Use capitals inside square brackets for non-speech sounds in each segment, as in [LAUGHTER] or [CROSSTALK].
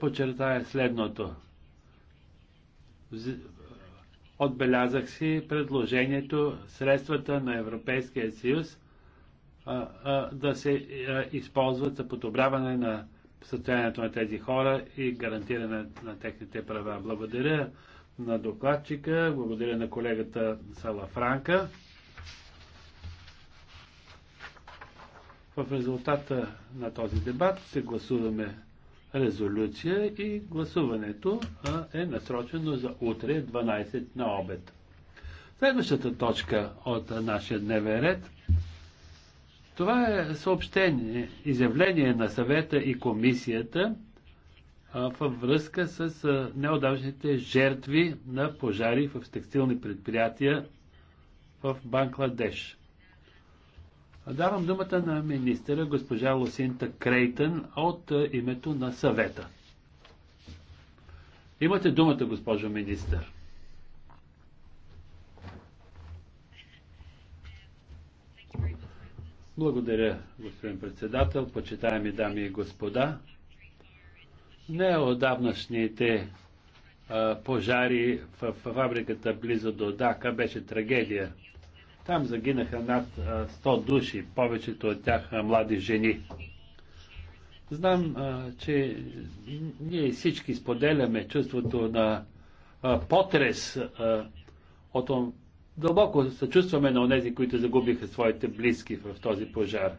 подчертая следното. Отбелязах си предложението средствата на Европейския съюз да се използват за подобряване на състоянието на тези хора и гарантиране на техните права. Благодаря на докладчика, благодаря на колегата Сала Франка. В резултата на този дебат се гласуваме резолюция и гласуването е насрочено за утре 12 на обед. Следващата точка от нашия дневен ред. Това е съобщение, изявление на съвета и комисията във връзка с неодавните жертви на пожари в текстилни предприятия в Бангладеш. Давам думата на министъра госпожа Лосинта Крейтън от е, името на съвета. Имате думата, госпожо министър. Благодаря, господин председател, почитаеми дами и господа. Не отдавнашните е, пожари в фабриката близо до Дака беше трагедия. Там загинаха над 100 души, повечето от тях млади жени. Знам, че ние всички споделяме чувството на потрес от дълбоко съчувстваме на онези, които загубиха своите близки в този пожар.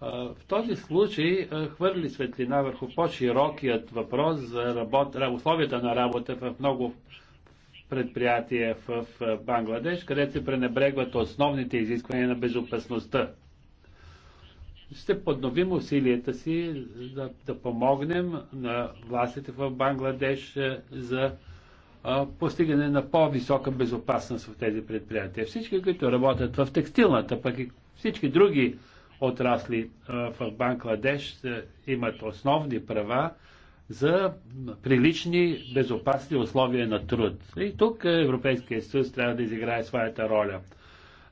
В този случай хвърли светлина върху по-широкият въпрос за работ... условията на работа в много предприятие в Бангладеш, където се пренебрегват основните изисквания на безопасността. Ще подновим усилията си да, да помогнем на властите в Бангладеш е, за постигане на по-висока безопасност в тези предприятия. Всички, които работят в текстилната, пък и всички други отрасли в Бангладеш е, имат основни права за прилични, безопасни условия на труд. И тук Европейския съюз трябва да изиграе своята роля.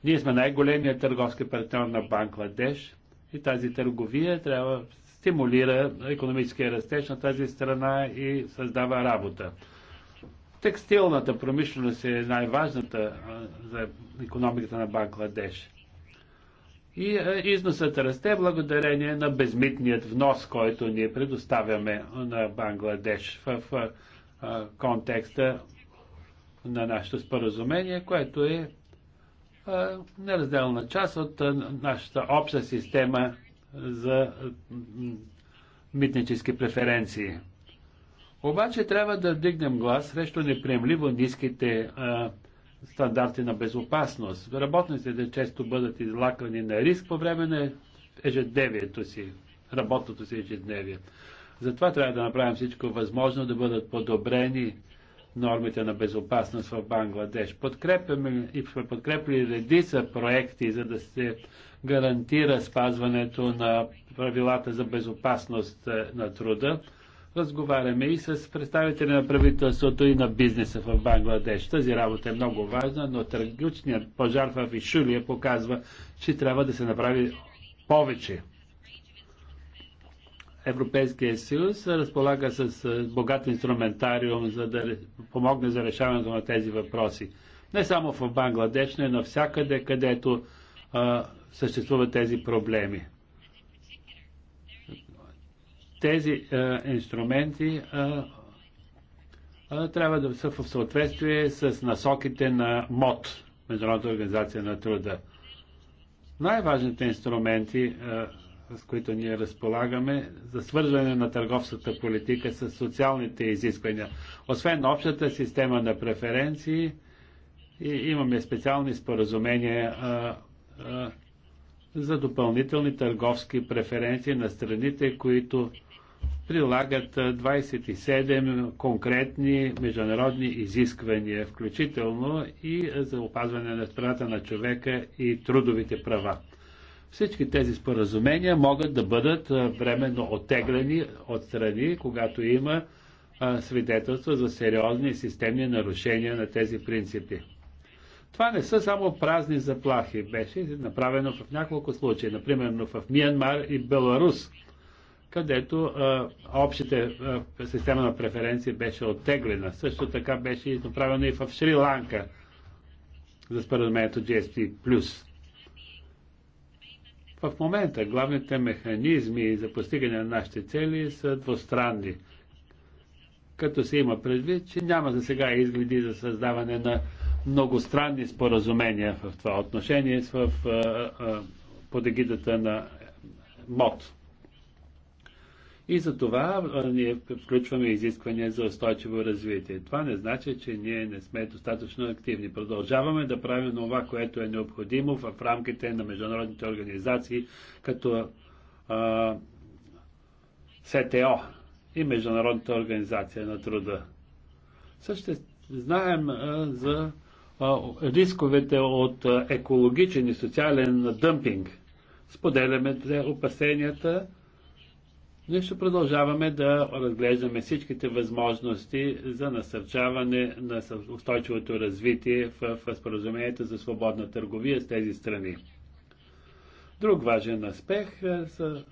Ние сме най-големият търговски партньор на Бангладеш и тази търговия трябва да стимулира економическия растеж на тази страна и създава работа. Текстилната промишленост е най-важната за економиката на Бангладеш. И е, износът расте благодарение на безмитният внос, който ние предоставяме на Бангладеш в е, контекста на нашето споразумение, което е, е неразделна част от нашата обща система за митнически преференции. Обаче трябва да вдигнем глас срещу неприемливо ниските а, стандарти на безопасност. Работниците често бъдат излакани на риск по време на ежедневието си, работното си ежедневие. Затова трябва да направим всичко възможно да бъдат подобрени нормите на безопасност в Бангладеш. Подкрепяме и сме подкрепили редица проекти, за да се гарантира спазването на правилата за безопасност е, на труда разговаряме и с представители на правителството и на бизнеса в Бангладеш. Тази работа е много важна, но трагичният пожар в Ишулия показва, че трябва да се направи повече. Европейския съюз разполага с богат инструментариум, за да помогне за решаването на тези въпроси. Не само в Бангладеш, но и навсякъде, където а, съществуват тези проблеми тези а, е, инструменти а, е, а, е, трябва да са в съответствие с насоките на МОД, Международната организация на труда. Най-важните инструменти, а, с които ние разполагаме, за свързване на търговската политика с социалните изисквания. Освен общата система на преференции, и имаме специални споразумения а, а, за допълнителни търговски преференции на страните, които прилагат 27 конкретни международни изисквания, включително и за опазване на страната на човека и трудовите права. Всички тези споразумения могат да бъдат временно отеглени от страни, когато има свидетелства за сериозни и системни нарушения на тези принципи. Това не са само празни заплахи. Беше направено в няколко случаи, например в Миянмар и Беларус – където а, общата а, система на преференции беше оттеглена. Също така беше направено и в Шри-Ланка за споразумението GSP+. В момента главните механизми за постигане на нашите цели са двустранни, като се има предвид, че няма за сега изгледи за създаване на многостранни споразумения в това отношение в, а, а, под егидата на МОД. И за това ние включваме изисквания за устойчиво развитие. Това не значи, че ние не сме достатъчно активни. Продължаваме да правим това, което е необходимо в рамките на международните организации, като а, СТО и Международната организация на труда. Също знаем а, за а, рисковете от а, екологичен и социален дъмпинг. Споделяме опасенията ние ще продължаваме да разглеждаме всичките възможности за насърчаване на устойчивото развитие в споразумението за свободна търговия с тези страни. Друг важен аспект, е,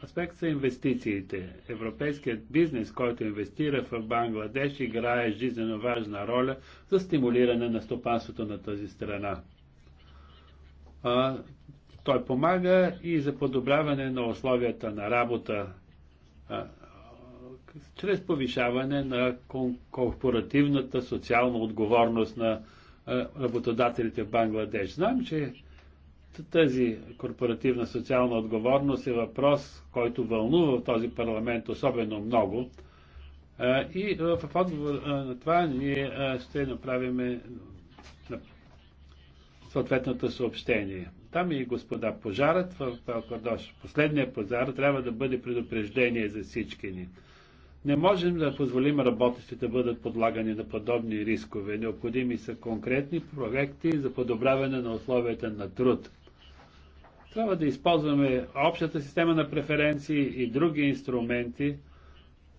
аспект са инвестициите. Европейският бизнес, който инвестира в Бангладеш, играе жизненно важна роля за стимулиране на стопанството на тази страна. той помага и за подобряване на условията на работа чрез повишаване на корпоративната социална отговорност на работодателите в Бангладеш. Знам, че тази корпоративна социална отговорност е въпрос, който вълнува в този парламент особено много. И в отговор на това ние ще направим съответното съобщение. Там и господа, пожарът в Калкадош, последния пожар, трябва да бъде предупреждение за всички ни. Не можем да позволим работещите да бъдат подлагани на подобни рискове. Необходими са конкретни проекти за подобряване на условията на труд. Трябва да използваме общата система на преференции и други инструменти,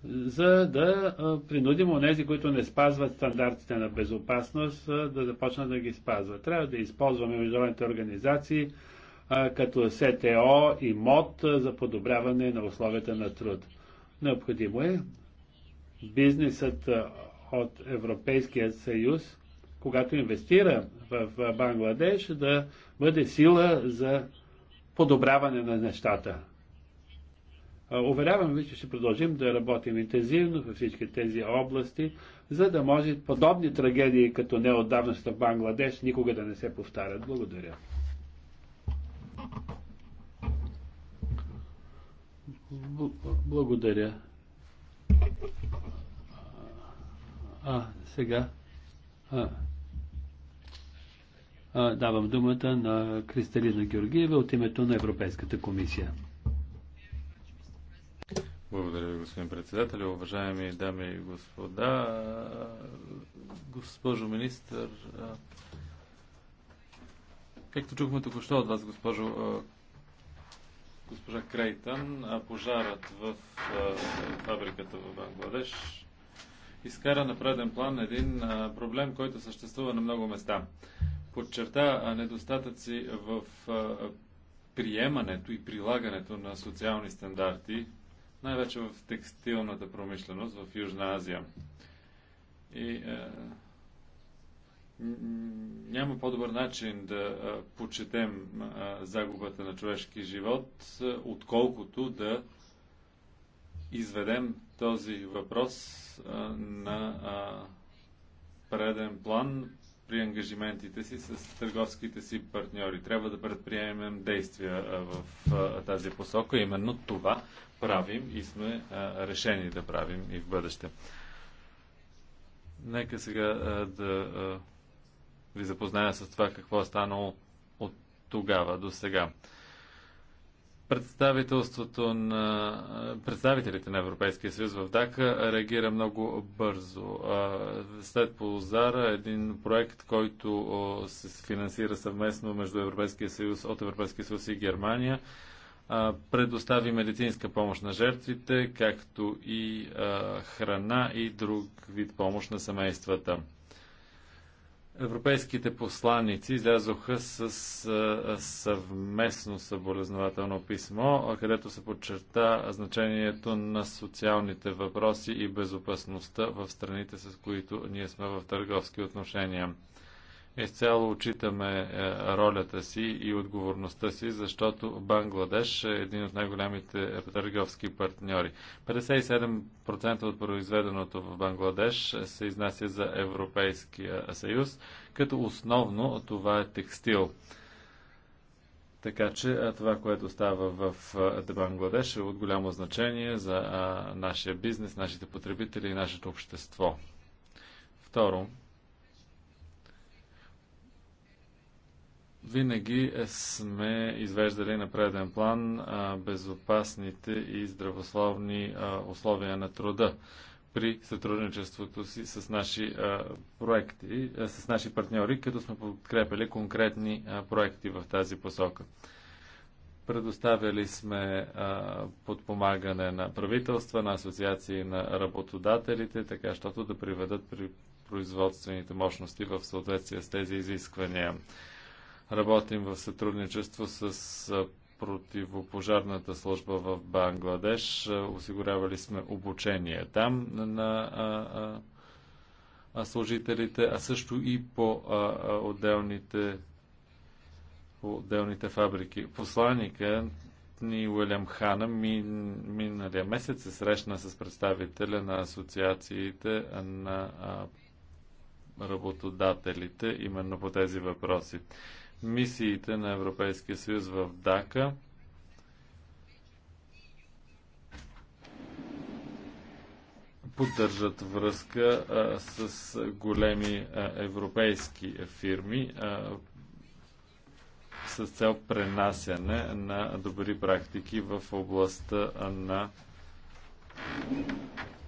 за да принудим онези, които не спазват стандартите на безопасност, да започнат да ги спазват. Трябва да използваме международните организации като СТО и МОД за подобряване на условията на труд. Необходимо е бизнесът от Европейския съюз, когато инвестира в Бангладеш, да бъде сила за подобряване на нещата. Уверявам ви, че ще продължим да работим интензивно във всички тези области, за да може подобни трагедии, като неотдавнаща в Бангладеш, никога да не се повтарят. Благодаря. Благодаря. А, сега. А, а, давам думата на Кристалина Георгиева от името на Европейската комисия. Благодаря ви, господин председател. Уважаеми дами и господа, госпожо министър, както чухме току-що от вас, госпожо госпожа Крейтън, пожарът в фабриката в Бангладеш изкара на преден план един проблем, който съществува на много места. Подчерта недостатъци в приемането и прилагането на социални стандарти най-вече в текстилната промишленост в Южна Азия. И е, няма по-добър начин да е, почетем е, загубата на човешки живот, е, отколкото да изведем този въпрос на преден план при ангажиментите си с търговските си партньори. Трябва да предприемем действия в тази посока. Именно това правим и сме а, решени да правим и в бъдеще. Нека сега а, да а, ви запозная с това какво е станало от тогава до сега. Представителството на представителите на Европейския съюз в Дака реагира много бързо. След Полозара един проект, който се финансира съвместно между Европейския съюз, от Европейския съюз и Германия, предостави медицинска помощ на жертвите, както и храна и друг вид помощ на семействата. Европейските посланици излязоха с съвместно съболезнователно писмо, където се подчерта значението на социалните въпроси и безопасността в страните, с които ние сме в търговски отношения. Изцяло отчитаме е, ролята си и отговорността си, защото Бангладеш е един от най-големите търговски партньори. 57% от произведеното в Бангладеш се изнася за Европейския съюз, като основно това е текстил. Така че е, това, което става в е, Бангладеш е от голямо значение за нашия бизнес, нашите потребители и нашето общество. Второ, винаги сме извеждали на преден план безопасните и здравословни условия на труда при сътрудничеството си с наши проекти, с наши партньори, като сме подкрепили конкретни проекти в тази посока. Предоставяли сме а, подпомагане на правителства, на асоциации на работодателите, така щото да приведат при производствените мощности в съответствие с тези изисквания. Работим в сътрудничество с противопожарната служба в Бангладеш. Осигурявали сме обучение там на а, а, служителите, а също и по а, а, отделните по отделните фабрики. Посланика ни Уилям Хана миналия месец се срещна с представителя на асоциациите на а, работодателите именно по тези въпроси мисиите на Европейския съюз в Дака. поддържат връзка а, с големи а, европейски фирми а, с цел пренасяне на добри практики в областта на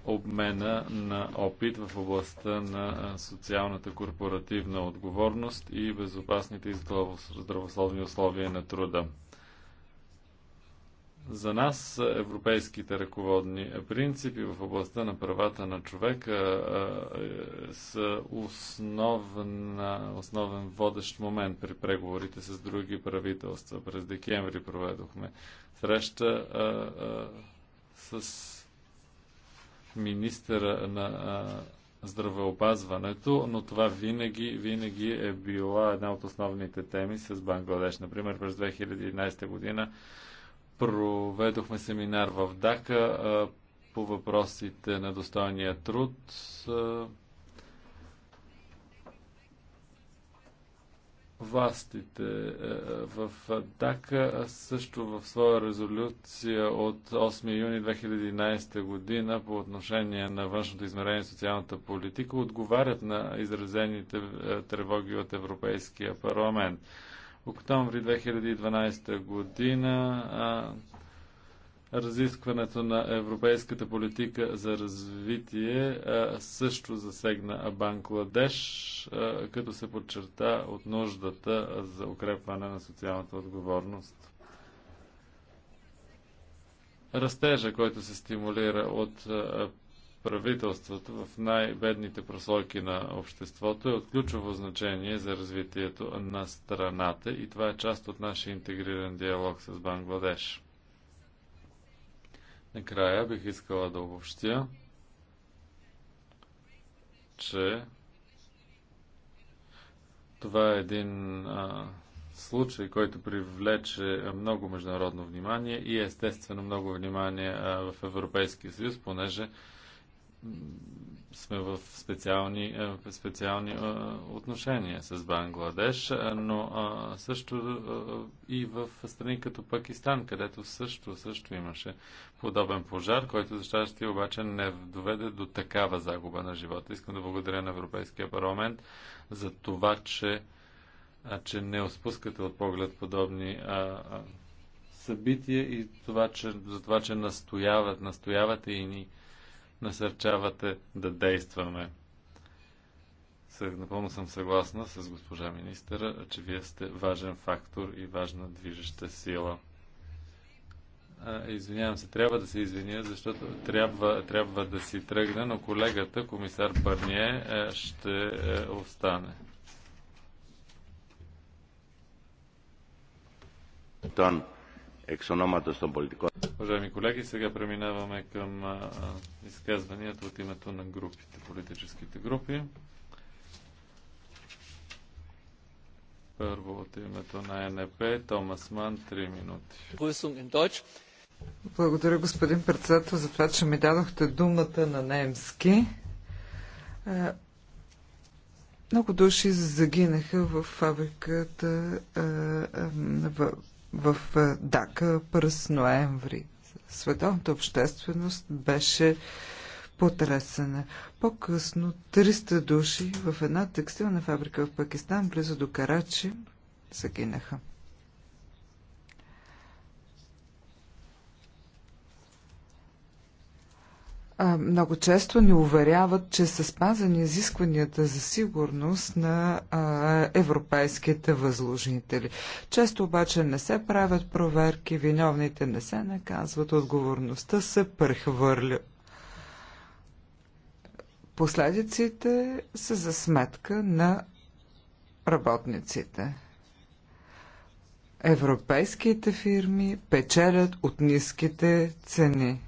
обмена на опит в областта на социалната корпоративна отговорност и безопасните и здравословни условия на труда. За нас европейските ръководни принципи в областта на правата на човека е, са основна, основен водещ момент при преговорите с други правителства. През декември проведохме среща с министъра на здравеопазването, но това винаги, винаги е била една от основните теми с Бангладеш. Например, през 2011 година проведохме семинар в Дака по въпросите на достойния труд. А, властите е, е, в Дака също в своя резолюция от 8 юни 2011 година по отношение на външното измерение и социалната политика отговарят на изразените е, тревоги от Европейския парламент. Октомври 2012 година Разискването на европейската политика за развитие също засегна Бангладеш, като се подчерта от нуждата за укрепване на социалната отговорност. Растежа, който се стимулира от правителството в най-бедните прослойки на обществото е от ключово значение за развитието на страната и това е част от нашия интегриран диалог с Бангладеш. Накрая бих искала да обобщя, че това е един а, случай, който привлече много международно внимание и естествено много внимание а, в Европейския съюз, понеже сме в специални, е, специални е, отношения с Бангладеш, е, но също и в страни като Пакистан, където също, също имаше подобен пожар, който за щастие обаче не доведе до такава загуба на живота. Искам да благодаря на Европейския парламент за това, че, че не отпускате от поглед подобни събития и това, че, за това, че настояват, настоявате и ни насърчавате да действаме. Напълно съм съгласна с госпожа министъра, че вие сте важен фактор и важна движеща сила. А, извинявам се, трябва да се извиня, защото трябва, трябва да си тръгна, но колегата, комисар Парние, е, ще е, остане. Done εξ ονόματος των πολιτικών. Уважаеми колеги, сега преминаваме към изказванията от името на групите, политическите групи. Първо от името на НП, Томас Ман, 3 минути. Благодаря, господин председател, за това, че ми дадохте думата на немски. Е, много души загинаха в фабриката е, е, в в е, Дака през ноември. Световната общественост беше потресена. По-късно 300 души в една текстилна фабрика в Пакистан, близо до Карачи, загинаха. много често ни уверяват, че са спазени изискванията за сигурност на европейските възложители. Често обаче не се правят проверки, виновните не се наказват, отговорността се прехвърля. Последиците са за сметка на работниците. Европейските фирми печелят от ниските цени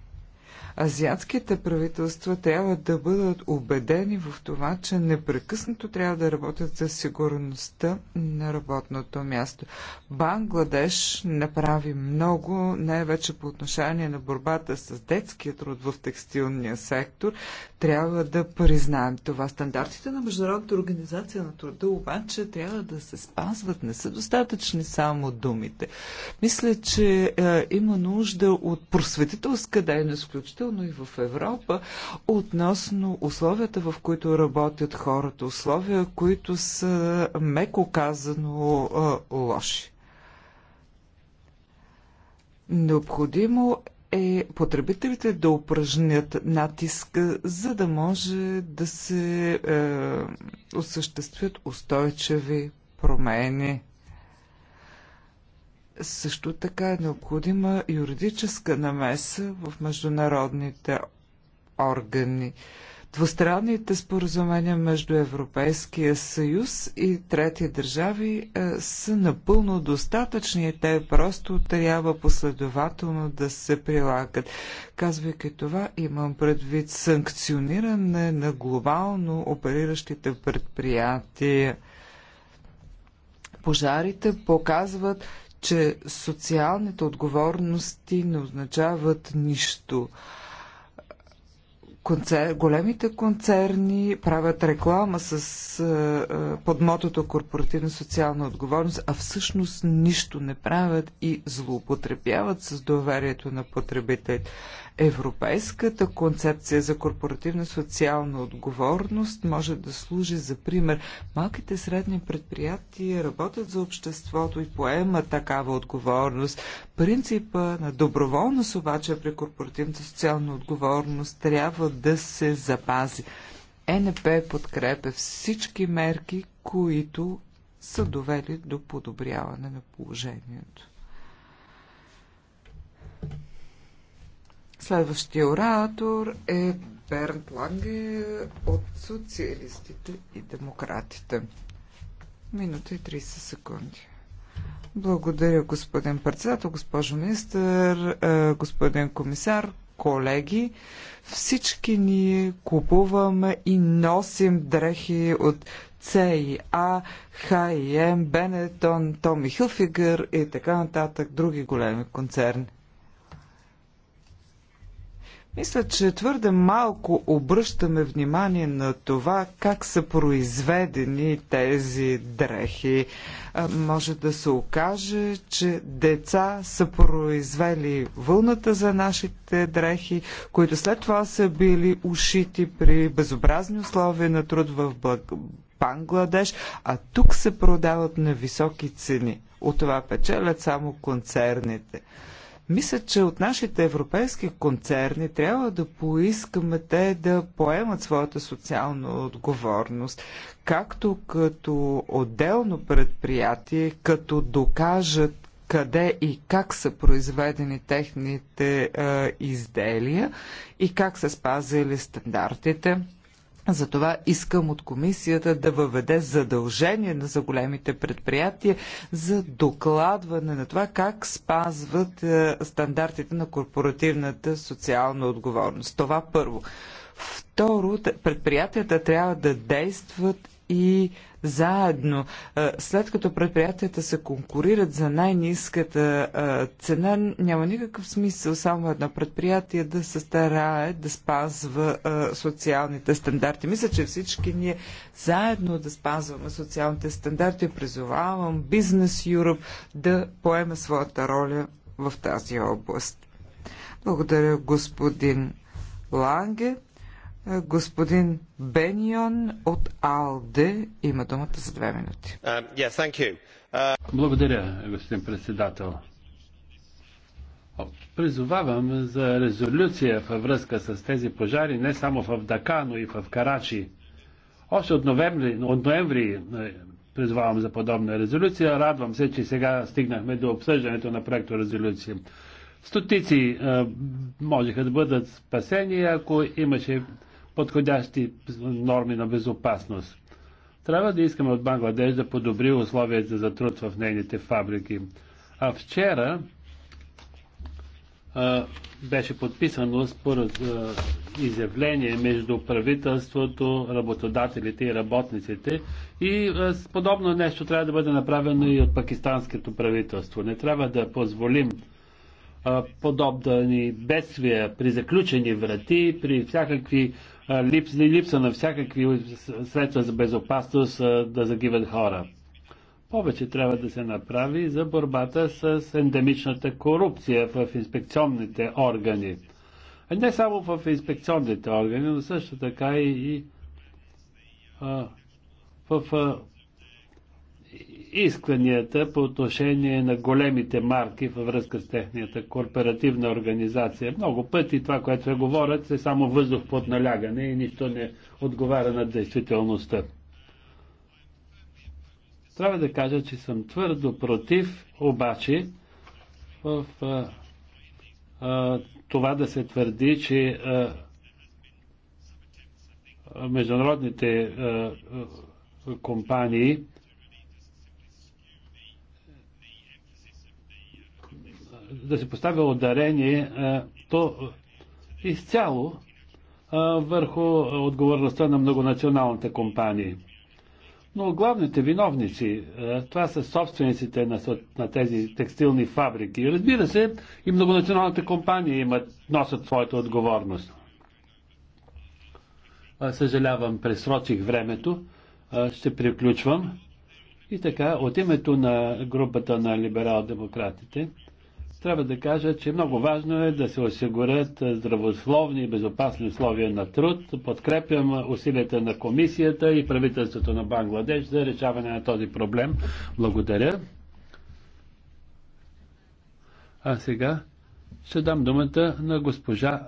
азиатските правителства трябва да бъдат убедени в това, че непрекъснато трябва да работят за сигурността на работното място. Бангладеш направи много, най-вече по отношение на борбата с детския труд в текстилния сектор. Трябва да признаем това. Стандартите на Международната организация на труда обаче трябва да се спазват. Не са достатъчни само думите. Мисля, че е, има нужда от просветителска дейност, включително включително и в Европа, относно условията, в които работят хората, условия, които са, меко казано, лоши. Необходимо е потребителите да упражнят натиска, за да може да се е, осъществят устойчиви промени. Също така е необходима юридическа намеса в международните органи. Двустранните споразумения между Европейския съюз и трети държави е, са напълно достатъчни и те просто трябва последователно да се прилагат. Казвайки това, имам предвид санкциониране на глобално опериращите предприятия. Пожарите показват, че социалните отговорности не означават нищо. Концер... Големите концерни правят реклама с а, под мотото корпоративна социална отговорност, а всъщност нищо не правят и злоупотребяват с доверието на потребителите. Европейската концепция за корпоративна социална отговорност може да служи за пример. Малките средни предприятия работят за обществото и поемат такава отговорност. Принципа на доброволност обаче при корпоративната социална отговорност трябва да се запази. НП подкрепя всички мерки, които са довели до подобряване на положението. Следващия оратор е Бернт Ланге от социалистите и демократите. Минута и 30 секунди. Благодаря, господин председател, госпожо министър, е, господин комисар, колеги. Всички ние купуваме и носим дрехи от ЦИА, H&M, Benetton, Tommy Hilfiger и така нататък, други големи концерни. Мисля, че твърде малко обръщаме внимание на това как са произведени тези дрехи. Може да се окаже, че деца са произвели вълната за нашите дрехи, които след това са били ушити при безобразни условия на труд в Бангладеш, а тук се продават на високи цени. От това печелят само концерните. Мисля, че от нашите европейски концерни трябва да поискаме те да поемат своята социална отговорност, както като отделно предприятие, като докажат къде и как са произведени техните е, изделия и как са спазили стандартите. Затова искам от комисията да въведе задължение на за големите предприятия за докладване на това как спазват е, стандартите на корпоративната социална отговорност. Това първо. Второ, предприятията трябва да действат и заедно. След като предприятията се конкурират за най-низката цена, няма никакъв смисъл само едно предприятие да се старае да спазва социалните стандарти. Мисля, че всички ние заедно да спазваме социалните стандарти. Призовавам Бизнес Europe да поеме своята роля в тази област. Благодаря, господин Ланге. Господин Бенион от АЛДЕ има думата за две минути. Uh, yeah, uh... Благодаря, господин председател. Призовавам за резолюция във връзка с тези пожари не само в Дака, но и в Карачи. Още от ноември, от ноември е, призовавам за подобна резолюция. Радвам се, че сега стигнахме до обсъждането на проекто резолюция. Стотици е, можеха да бъдат спасени, ако имаше подходящи норми на безопасност. Трябва да искаме от Бангладеш да подобри условията за труд в нейните фабрики. А вчера а, беше подписано според а, изявление между правителството, работодателите и работниците. И а, подобно нещо трябва да бъде направено и от пакистанското правителство. Не трябва да позволим подобни бедствия, при заключени врати, при всякакви липс, липса на всякакви средства за безопасност да загиват хора. Повече трябва да се направи за борбата с ендемичната корупция в инспекционните органи. Не само в инспекционните органи, но също така и, и а, в а, исканията по отношение на големите марки във връзка с технията корпоративна организация. Много пъти това, което се говорят, е само въздух под налягане и нищо не отговаря на действителността. Трябва да кажа, че съм твърдо против, обаче, в а, а, това да се твърди, че а, международните а, компании да се поставя ударение е, то изцяло е, върху отговорността на многонационалните компании. Но главните виновници, е, това са собствениците на, на тези текстилни фабрики. Разбира се, и многонационалните компании имат, носят своята отговорност. Съжалявам, пресрочих времето. Ще приключвам. И така, от името на групата на либерал-демократите, трябва да кажа, че много важно е да се осигурят здравословни и безопасни условия на труд. Подкрепям усилията на комисията и правителството на Бангладеш за решаване на този проблем. Благодаря. А сега ще дам думата на госпожа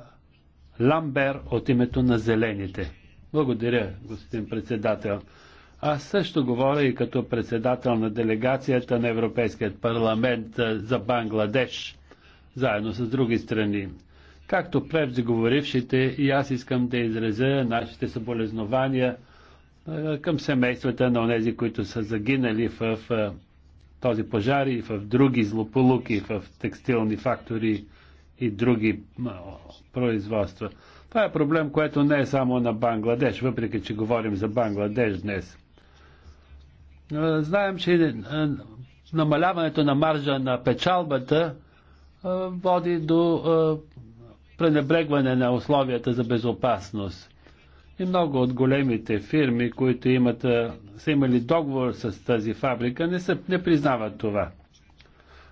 Ламбер от името на Зелените. Благодаря, господин председател. Аз също говоря и като председател на делегацията на Европейският парламент за Бангладеш, заедно с други страни. Както преждеговорившите, и аз искам да изразя нашите съболезнования към семействата на онези, които са загинали в този пожар и в други злополуки, в текстилни фактори и други производства. Това е проблем, което не е само на Бангладеш, въпреки че говорим за Бангладеш днес. Е, знаем, че е, намаляването на маржа на печалбата е, води до пренебрегване на условията за безопасност. И много от големите фирми, които имат, са имали договор с тази фабрика, не, са, не признават това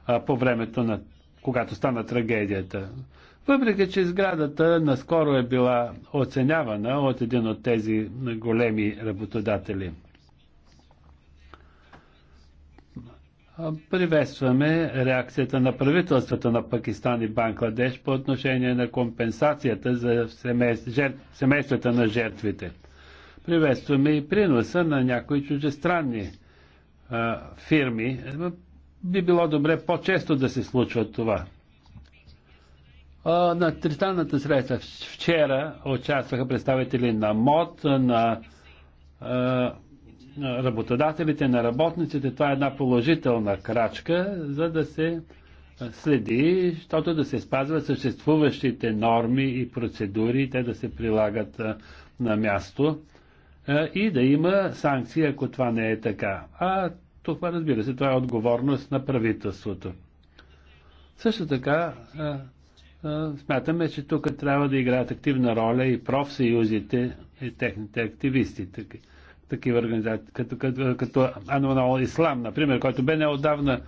а, по времето на когато стана трагедията. Въпреки, че сградата наскоро е била оценявана от един от тези големи работодатели. Приветстваме реакцията на правителствата на Пакистан и Бангладеш по отношение на компенсацията за семействата на жертвите. Приветстваме и приноса на някои чужестранни а, фирми. Би било добре по-често да се случва това. А, на тристранната среща вчера участваха представители на МОД, на на работодателите, на работниците, това е една положителна крачка, за да се следи, защото да се спазват съществуващите норми и процедури, те да се прилагат на място и да има санкции, ако това не е така. А това, разбира се, това е отговорност на правителството. Също така, смятаме, че тук трябва да играят активна роля и профсъюзите и техните активисти такива организации, като, като, като Ануал Ислам, например, който бе неодавна,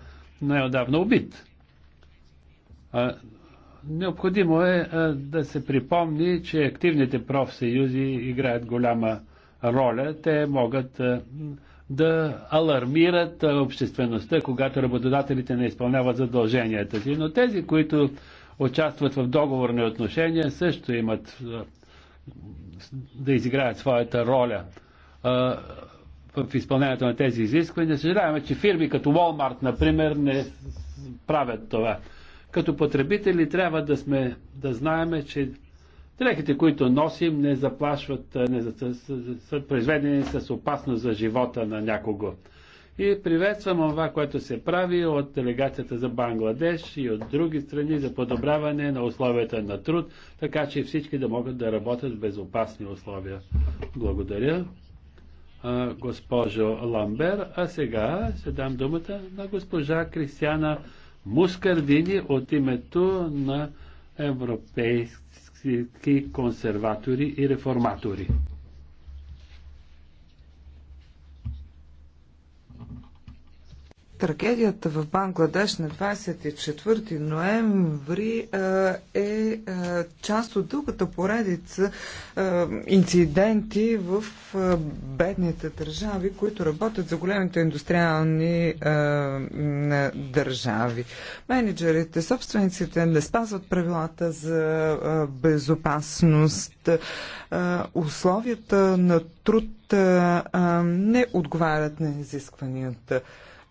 неодавна убит. А, необходимо е а, да се припомни, че активните профсъюзи играят голяма роля. Те могат а, да алармират обществеността, когато работодателите не изпълняват задълженията си. Но тези, които участват в договорни отношения, също имат да изиграят своята роля в изпълнението на тези изисквания. Съжаляваме, че фирми като Walmart, например, не правят това. Като потребители трябва да сме, да знаеме, че дрехите, които носим, не заплашват, не за, са произведени с опасност за живота на някого. И приветствам това, което се прави от делегацията за Бангладеш и от други страни за подобряване на условията на труд, така че всички да могат да работят в безопасни условия. Благодаря госпожо Ламбер. А сега ще дам думата на госпожа Кристиана Мускардини от името на европейски консерватори и реформатори. Трагедията в Бангладеш на 24 ноември е част от дългата поредица инциденти в бедните държави, които работят за големите индустриални държави. Менеджерите, собствениците не спазват правилата за безопасност, условията на труд не отговарят на изискванията.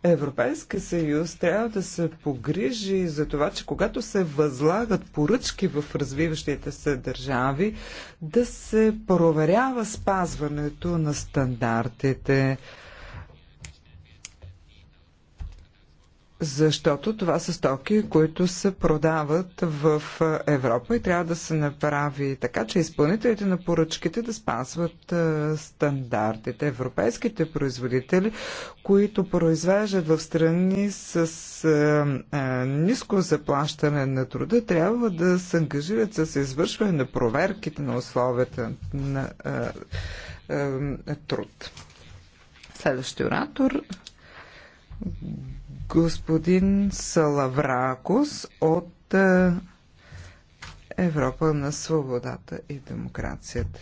Европейския съюз трябва да се погрижи за това, че когато се възлагат поръчки в развиващите се държави, да се проверява спазването на стандартите. защото това са стоки, които се продават в Европа и трябва да се направи така, че изпълнителите на поръчките да спазват е, стандартите. Европейските производители, които произвеждат в страни с е, е, ниско заплащане на труда, трябва да се ангажират с извършване на проверките на условията на труд. Следващия оратор господин Салавракос от е, Европа на свободата и демокрацията.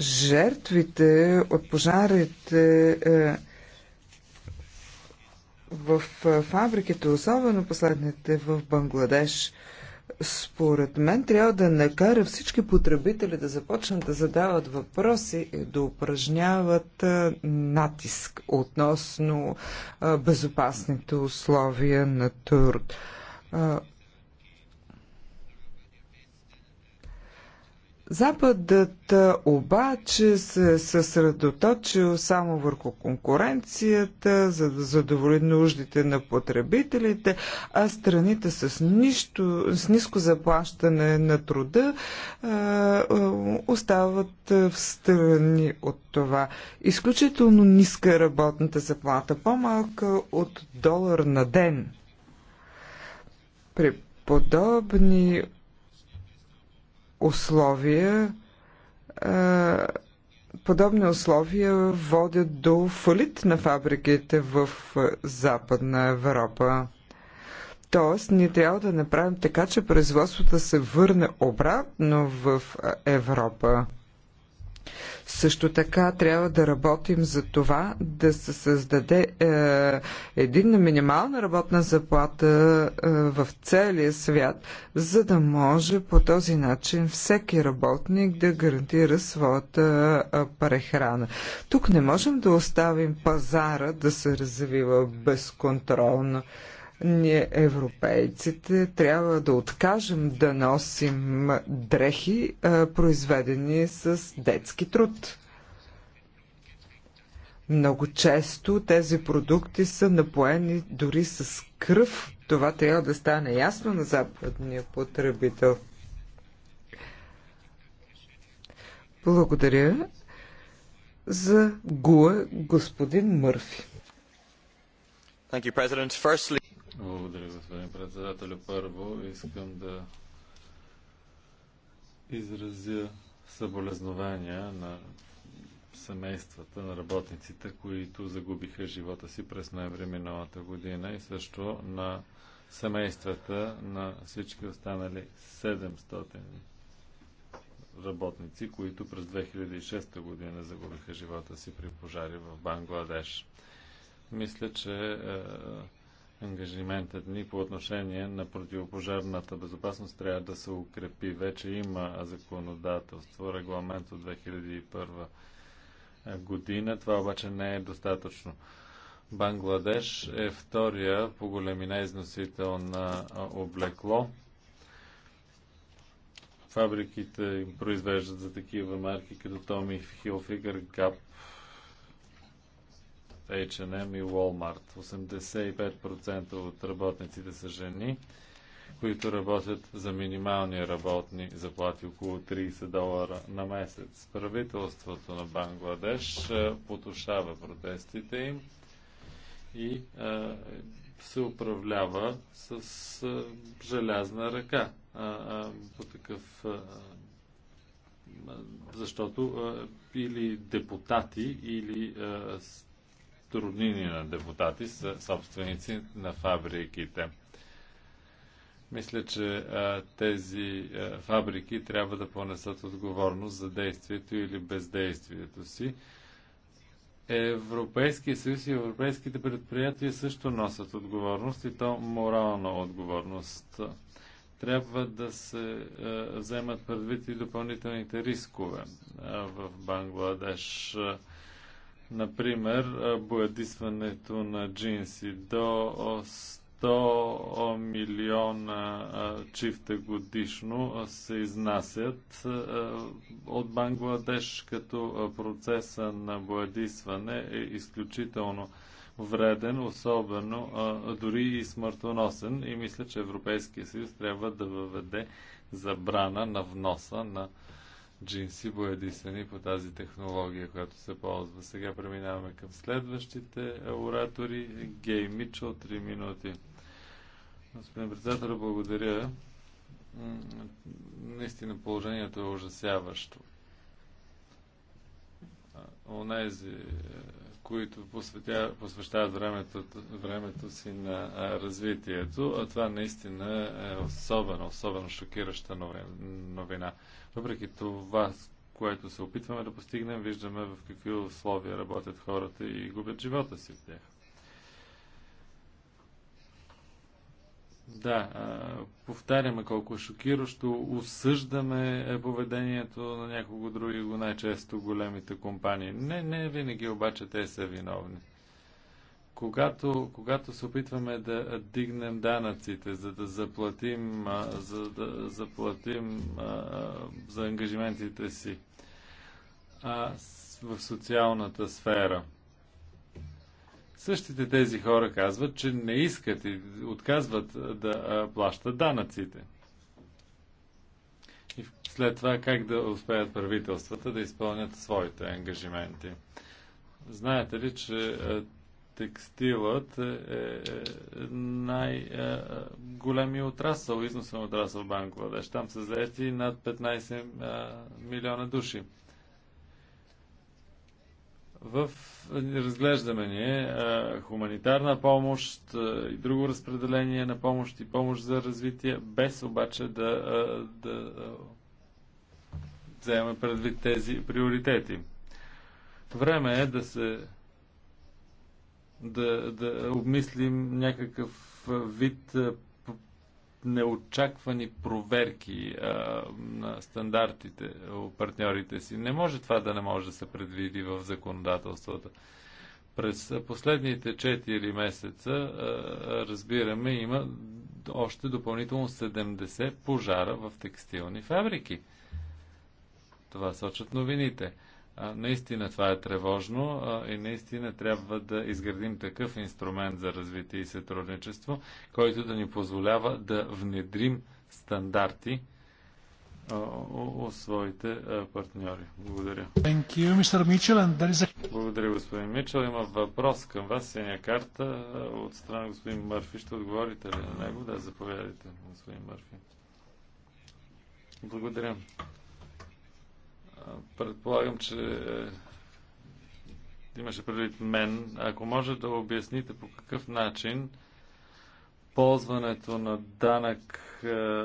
Жертвите от пожарите е, в е, фабриките, особено последните в Бангладеш, е, според мен трябва да накара всички потребители да започнат да задават въпроси и да упражняват натиск относно безопасните условия на труд. Западът обаче се съсредоточил само върху конкуренцията, за да задоволи нуждите на потребителите, а страните с, нищо, с ниско заплащане на труда остават в страни от това. Изключително ниска е работната заплата, по-малка от долар на ден. При подобни условия, подобни условия водят до фалит на фабриките в Западна Европа. Тоест, ние трябва да направим така, че производството да се върне обратно в Европа. Също така трябва да работим за това да се създаде е, един на минимална работна заплата е, в целия свят, за да може по този начин всеки работник да гарантира своята е, прехрана. Тук не можем да оставим пазара да се развива безконтролно. Ние, европейците, трябва да откажем да носим дрехи, произведени с детски труд. Много често тези продукти са напоени дори с кръв. Това трябва да стане ясно на западния потребител. Благодаря за ГУА господин Мърфи. You, Firstly... Благодаря, господин председателю. Първо искам да изразя съболезнования на семействата на работниците, които загубиха живота си през ноември миналата година и също на семействата на всички останали 700 работници, които през 2006 година загубиха живота си при пожари в Бангладеш. Мисля, че е, Ангажиментът ни по отношение на противопожарната безопасност трябва да се укрепи. Вече има законодателство, регламент от 2001 година. Това обаче не е достатъчно. Бангладеш е втория по големина износител на облекло. Фабриките произвеждат за такива марки като Томи Хилфигър, ГАП. H&M и Walmart. 85% от работниците са жени, които работят за минимални работни заплати, около 30 долара на месец. Правителството на Бангладеш потушава протестите им и а, се управлява с а, желязна ръка. А, а, по такъв, а, защото а, или депутати, или а, роднини на депутати са собственици на фабриките. Мисля, че а, тези а, фабрики трябва да понесат отговорност за действието или бездействието си. Европейския съюз и европейските предприятия също носят отговорност и то морална отговорност. Трябва да се а, вземат предвид и допълнителните рискове. А, в Бангладеш а, Например, боядисването на джинси до 100 милиона чифта годишно се изнасят от Бангладеш, като процеса на боядисване е изключително вреден, особено дори и смъртоносен и мисля, че Европейския съюз трябва да въведе забрана на вноса на Джинсибо е единствени по тази технология, която се ползва. Сега преминаваме към следващите оратори. Гей Мичел, 3 минути. Господин председател, благодаря. Наистина положението е ужасяващо. Онези, е, които посвещават времето, времето си на развитието, а това наистина е особено, особено шокираща новина въпреки това, което се опитваме да постигнем, виждаме в какви условия работят хората и губят живота си в тях. Да, повтаряме колко е шокиращо, осъждаме е, поведението на някого други, го най-често големите компании. Не, не винаги обаче те са виновни когато, когато се опитваме да дигнем данъците, за да заплатим, за, да заплатим за ангажиментите си а, в социалната сфера, същите тези хора казват, че не искат и отказват да плащат данъците. И след това как да успеят правителствата да изпълнят своите ангажименти. Знаете ли, че текстилът е, е, е най-големия отрасъл, износен отрасъл в Бангладеш. Там са заети над 15 милиона души. В разглеждаме ние хуманитарна помощ и друго разпределение на помощ и помощ за развитие, без обаче да, а, да вземем предвид тези приоритети. Време е да се да, да обмислим някакъв вид неочаквани проверки а, на стандартите у партньорите си. Не може това да не може да се предвиди в законодателството. През последните 4 месеца, а, разбираме, има още допълнително 70 пожара в текстилни фабрики. Това сочат новините. Наистина това е тревожно и наистина трябва да изградим такъв инструмент за развитие и сътрудничество, който да ни позволява да внедрим стандарти у своите партньори. Благодаря. Благодаря, господин Мичел. Има въпрос към вас, синя карта от страна господин Мърфи. Ще отговорите ли на него? Да, заповядайте, господин Мърфи. Благодаря. Предполагам, че е, имаше предвид мен. Ако може да обясните по какъв начин ползването на данък е,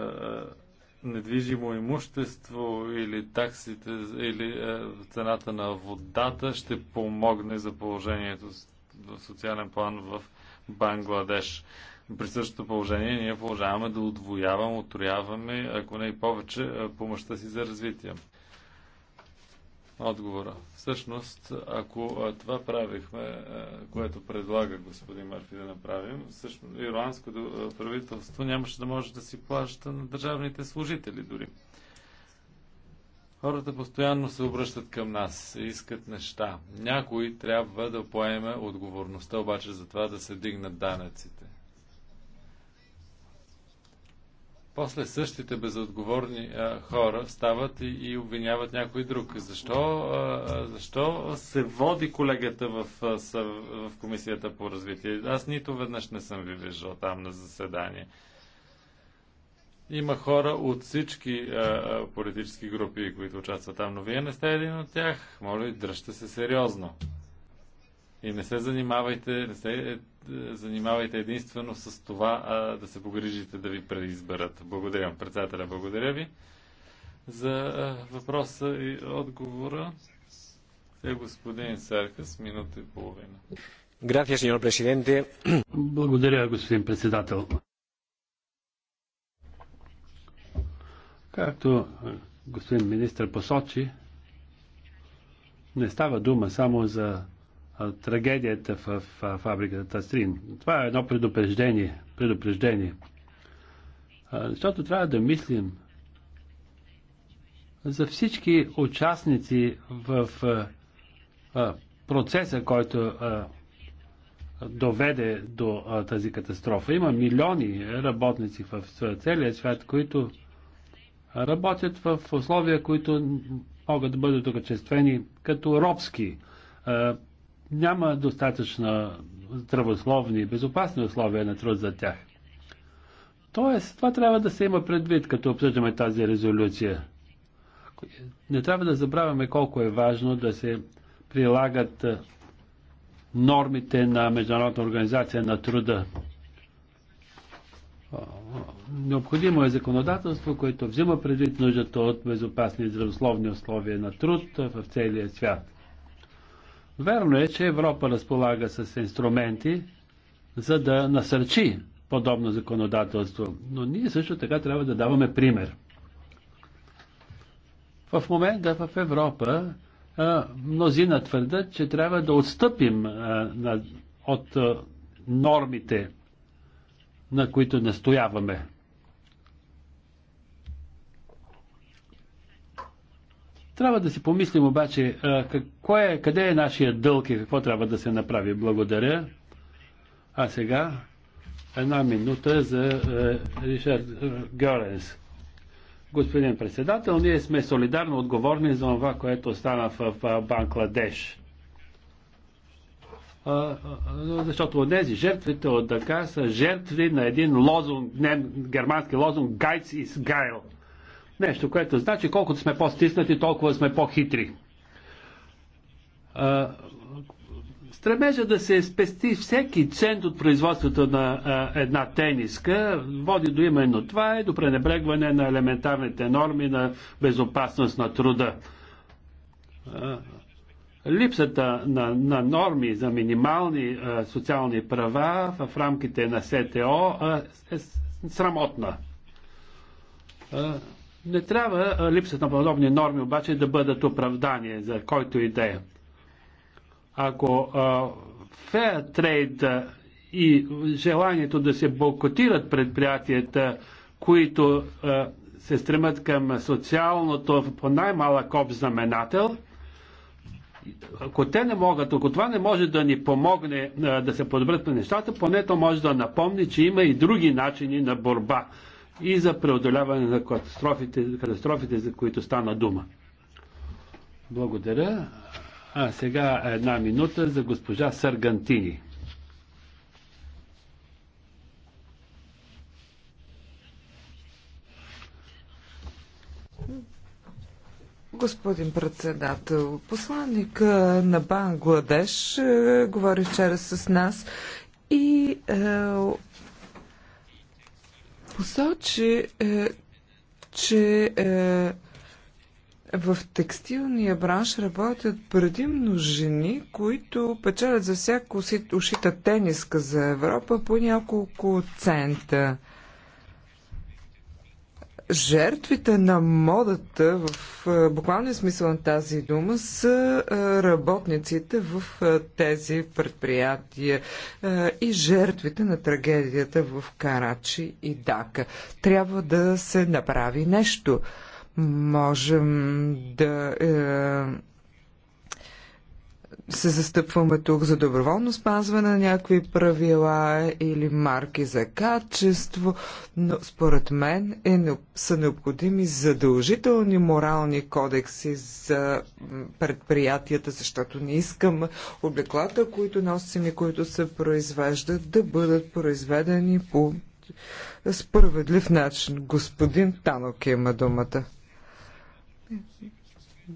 недвижимо имущество или таксите или е, цената на водата ще помогне за положението в социален план в Бангладеш. При същото положение ние продължаваме да отвояваме, отрояваме, ако не и повече, помощта си за развитие отговора. Всъщност, ако това правихме, което предлага господин Марфи да направим, всъщност ирландското правителство нямаше да може да си плаща на държавните служители дори. Хората постоянно се обръщат към нас, искат неща. Някой трябва да поеме отговорността обаче за това да се дигнат данъците. После същите безотговорни а, хора стават и, и обвиняват някой друг. Защо, а, защо се води колегата в, в, в Комисията по развитие? Аз нито веднъж не съм ви виждал там на заседание. Има хора от всички а, политически групи, които участват там, но вие не сте един от тях. Моля, дръжте се сериозно. И не се занимавайте, не се е, занимавайте единствено с това а, да се погрижите да ви преизберат. Благодаря, председателя, благодаря ви за а, въпроса и отговора. Е господин Саркас, минута и половина. Gracias, señor presidente. Благодаря, господин председател. Както господин министр посочи, не става дума само за трагедията в фабриката Тастрин. Това е едно предупреждение. предупреждение. Защото трябва да мислим за всички участници в процеса, който доведе до тази катастрофа. Има милиони работници в целия свят, които работят в условия, които могат да бъдат окачествени като робски няма достатъчно здравословни и безопасни условия на труд за тях. Тоест, това трябва да се има предвид, като обсъждаме тази резолюция. Не трябва да забравяме колко е важно да се прилагат нормите на Международната организация на труда. Необходимо е законодателство, което взима предвид нуждата от безопасни и здравословни условия на труд в целия свят. Верно е, че Европа разполага с инструменти, за да насърчи подобно законодателство, но ние също така трябва да даваме пример. В момента в Европа мнозина твърдят, че трябва да отстъпим от нормите, на които настояваме. Трябва да си помислим обаче какво е, къде е нашия дълг и какво трябва да се направи. Благодаря. А сега една минута за Ришард Гьоренс. Господин председател, ние сме солидарно отговорни за това, което стана в Бангладеш. Защото от тези жертвите от Дака са жертви на един лозунг, не, германски лозунг Гайц из Гайл. Нещо, което значи колкото сме по-стиснати, толкова сме по-хитри. Стремежа да се спести всеки цент от производството на а, една тениска води до именно това и до пренебрегване на елементарните норми на безопасност на труда. А, липсата на, на норми за минимални а, социални права в рамките на СТО а, е срамотна. А, не трябва липсата на подобни норми обаче да бъдат оправдание за който идея. Ако фея трейд и желанието да се бойкотират предприятията, които се стремят към социалното по най-малък обзнаменател, ако те не могат, ако това не може да ни помогне да се подобрят на нещата, поне то може да напомни, че има и други начини на борба и за преодоляване на катастрофите, катастрофите за които стана дума. Благодаря. А сега една минута за госпожа Саргантини. Господин председател, посланник на Бангладеш е, говори вчера с нас и е, посочи, е, че е, в текстилния бранш работят предимно жени, които печелят за всяко ушита тениска за Европа по няколко цента жертвите на модата, в буквалния смисъл на тази дума, са работниците в тези предприятия и жертвите на трагедията в Карачи и Дака. Трябва да се направи нещо. Можем да е, се застъпваме тук за доброволно спазване на някакви правила или марки за качество, но според мен е, са необходими задължителни морални кодекси за предприятията, защото не искам облеклата, които носим и които се произвеждат, да бъдат произведени по справедлив начин. Господин Танок има думата.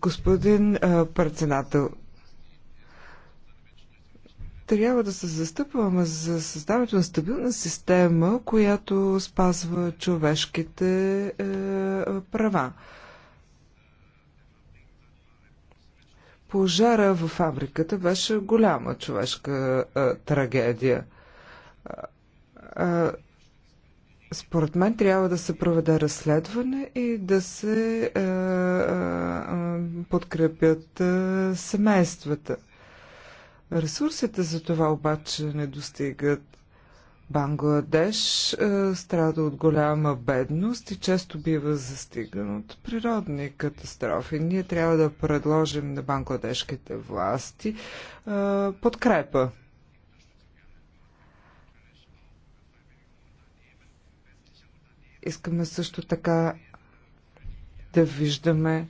Господин а, председател, трябва да се застъпваме за създаването на стабилна система, която спазва човешките е, права. Пожара в фабриката беше голяма човешка е, трагедия. Е, е според мен трябва да се проведе разследване и да се е, е, е подкрепят е, семействата. Ресурсите за това обаче не достигат. Бангладеш е, страда от голяма бедност и често бива застиган от природни катастрофи. Ние трябва да предложим на бангладешките власти е, подкрепа. Искаме също така да виждаме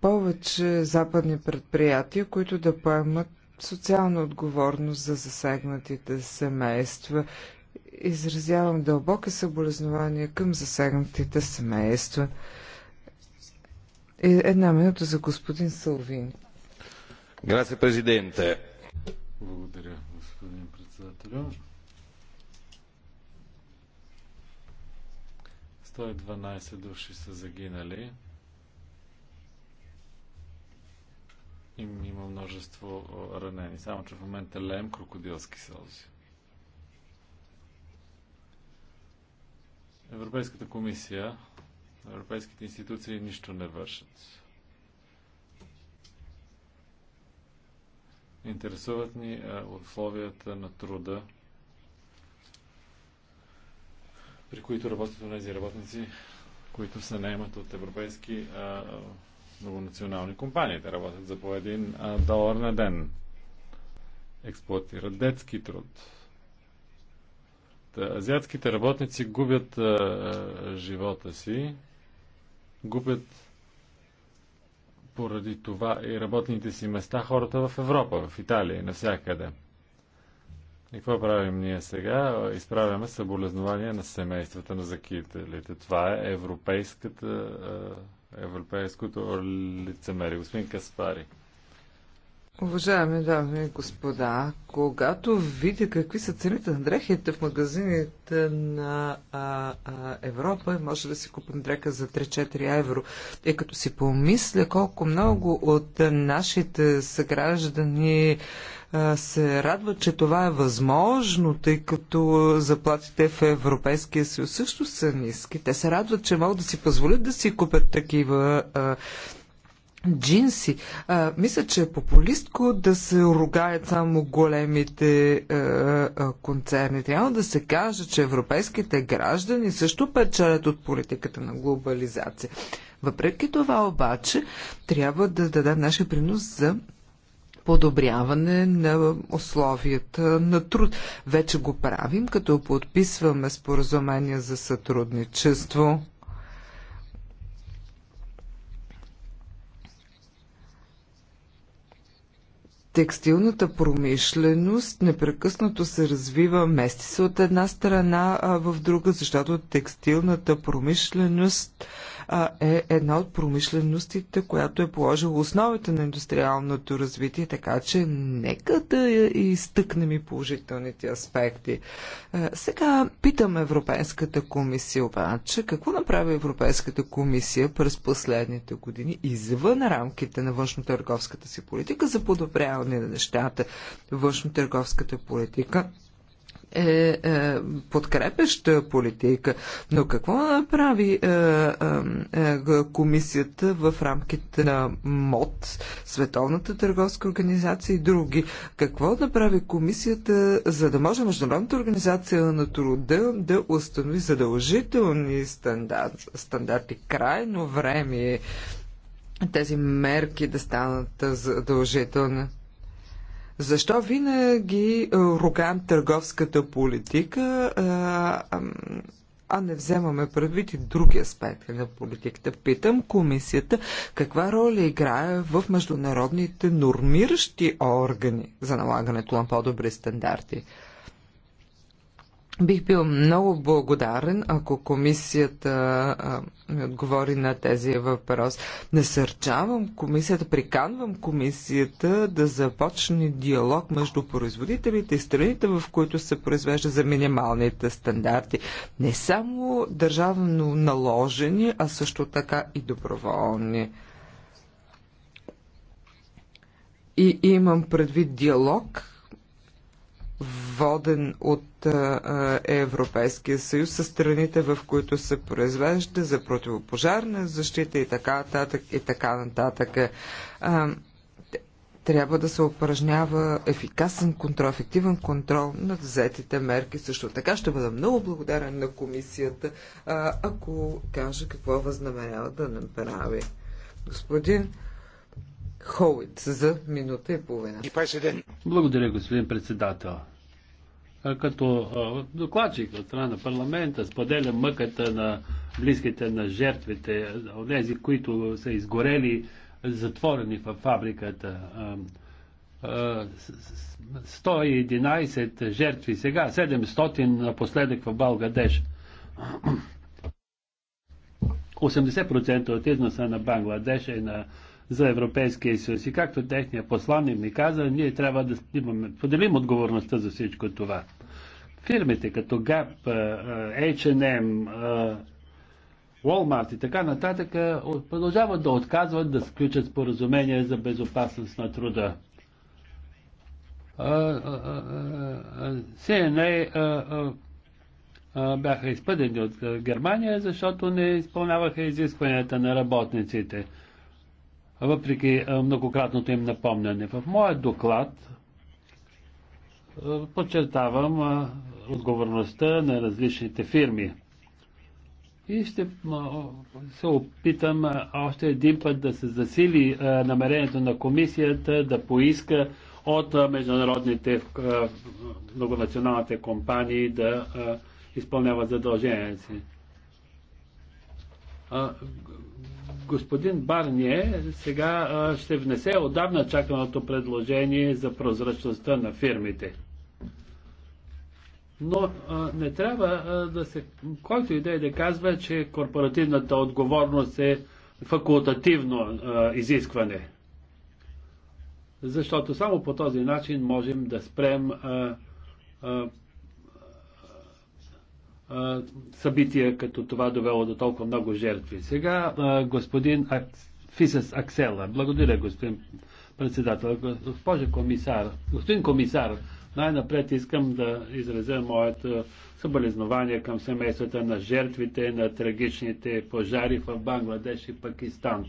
повече западни предприятия, които да поемат социална отговорност за засегнатите семейства. Изразявам дълбоки съболезнования към засегнатите семейства. Една минута за господин Салвин. Грация, президенте. Благодаря, господин председател. 112 души са загинали им има множество ранени. Само, че в момента леем крокодилски сълзи. Европейската комисия, европейските институции нищо не вършат. Интересуват ни условията на труда, при които работят тези работници, които се наемат от европейски а, многонационални компании. Те работят за по един долар на ден. Експлуатират детски труд. Та, азиатските работници губят а, живота си, губят поради това и работните си места хората в Европа, в Италия и навсякъде. И какво правим ние сега? Изправяме съболезнования на семействата на закителите. Това е европейската а, европейското лицемерие. Господин Каспари. Уважаеми дами и господа, когато видя какви са цените на дрехите в магазините на а, а, Европа, може да си купим дрека за 3-4 евро. И като си помисля колко много от нашите съграждани се радва, че това е възможно, тъй като заплатите в Европейския съюз също са ниски. Те се радват, че могат да си позволят да си купят такива а, джинси. А, мисля, че е популистко да се ругаят само големите а, а, концерни. Трябва да се каже, че европейските граждани също печелят от политиката на глобализация. Въпреки това обаче, трябва да дадем нашия принос за подобряване на условията на труд. Вече го правим, като подписваме споразумение за сътрудничество. текстилната промишленост непрекъснато се развива, мести се от една страна в друга, защото текстилната промишленост е една от промишленостите, която е положила основите на индустриалното развитие, така че нека да изтъкнем и положителните аспекти. Сега питам Европейската комисия обаче, какво направи Европейската комисия през последните години извън рамките на външно-търговската си политика за подобряване на нещата. Външно-търговската политика е, е подкрепеща политика. Но какво направи е, е, е, комисията в рамките на МОД, Световната търговска организация и други? Какво направи комисията, за да може Международната организация на труда да установи задължителни стандарт, стандарти? Крайно време е тези мерки да станат задължителни. Защо винаги е, ругам търговската политика, е, а не вземаме предвид и други аспекти на политиката? Питам комисията каква роля играе в международните нормиращи органи за налагането на по-добри стандарти. Бих бил много благодарен, ако комисията а, ми отговори на тези въпрос. Насърчавам комисията, приканвам комисията да започне диалог между производителите и страните, в които се произвежда за минималните стандарти. Не само държавно наложени, а също така и доброволни. И имам предвид диалог воден от Европейския съюз, с страните, в които се произвежда за противопожарна защита и така нататък. И така нататък. Трябва да се упражнява ефикасен контрол, ефективен контрол над взетите мерки. Също така ще бъда много благодарен на комисията, ако каже какво възнамерява да направи. Господин Хоуит за минута и половина. Благодаря, господин председател като докладчик от страна на парламента споделя мъката на близките на жертвите, от тези, които са изгорели, затворени в фабриката. 111 жертви сега, 700 напоследък в Балгадеш. 80% от износа на Бангладеш е на за Европейския съюз. И както техния посланник ми каза, ние трябва да имаме, поделим отговорността за всичко това. Фирмите като Gap, H&M, Walmart и така нататък продължават да отказват да сключат споразумения за безопасност на труда. CNA бяха изпъдени от Германия, защото не изпълняваха изискванията на работниците въпреки многократното им напомняне. В моят доклад подчертавам отговорността на различните фирми. И ще се опитам още един път да се засили намерението на комисията да поиска от международните многонационалните компании да изпълняват задълженията си господин Барние сега ще внесе отдавна чаканото предложение за прозрачността на фирмите. Но а, не трябва а, да се. Който и да е да казва, че корпоративната отговорност е факултативно а, изискване. Защото само по този начин можем да спрем а, а, събитие като това довело до толкова много жертви. Сега господин Фисес Аксела. Благодаря, господин председател. Госпожа комисар, господин комисар, най-напред искам да изразя моето съболезнование към семействата на жертвите на трагичните пожари в Бангладеш и Пакистан.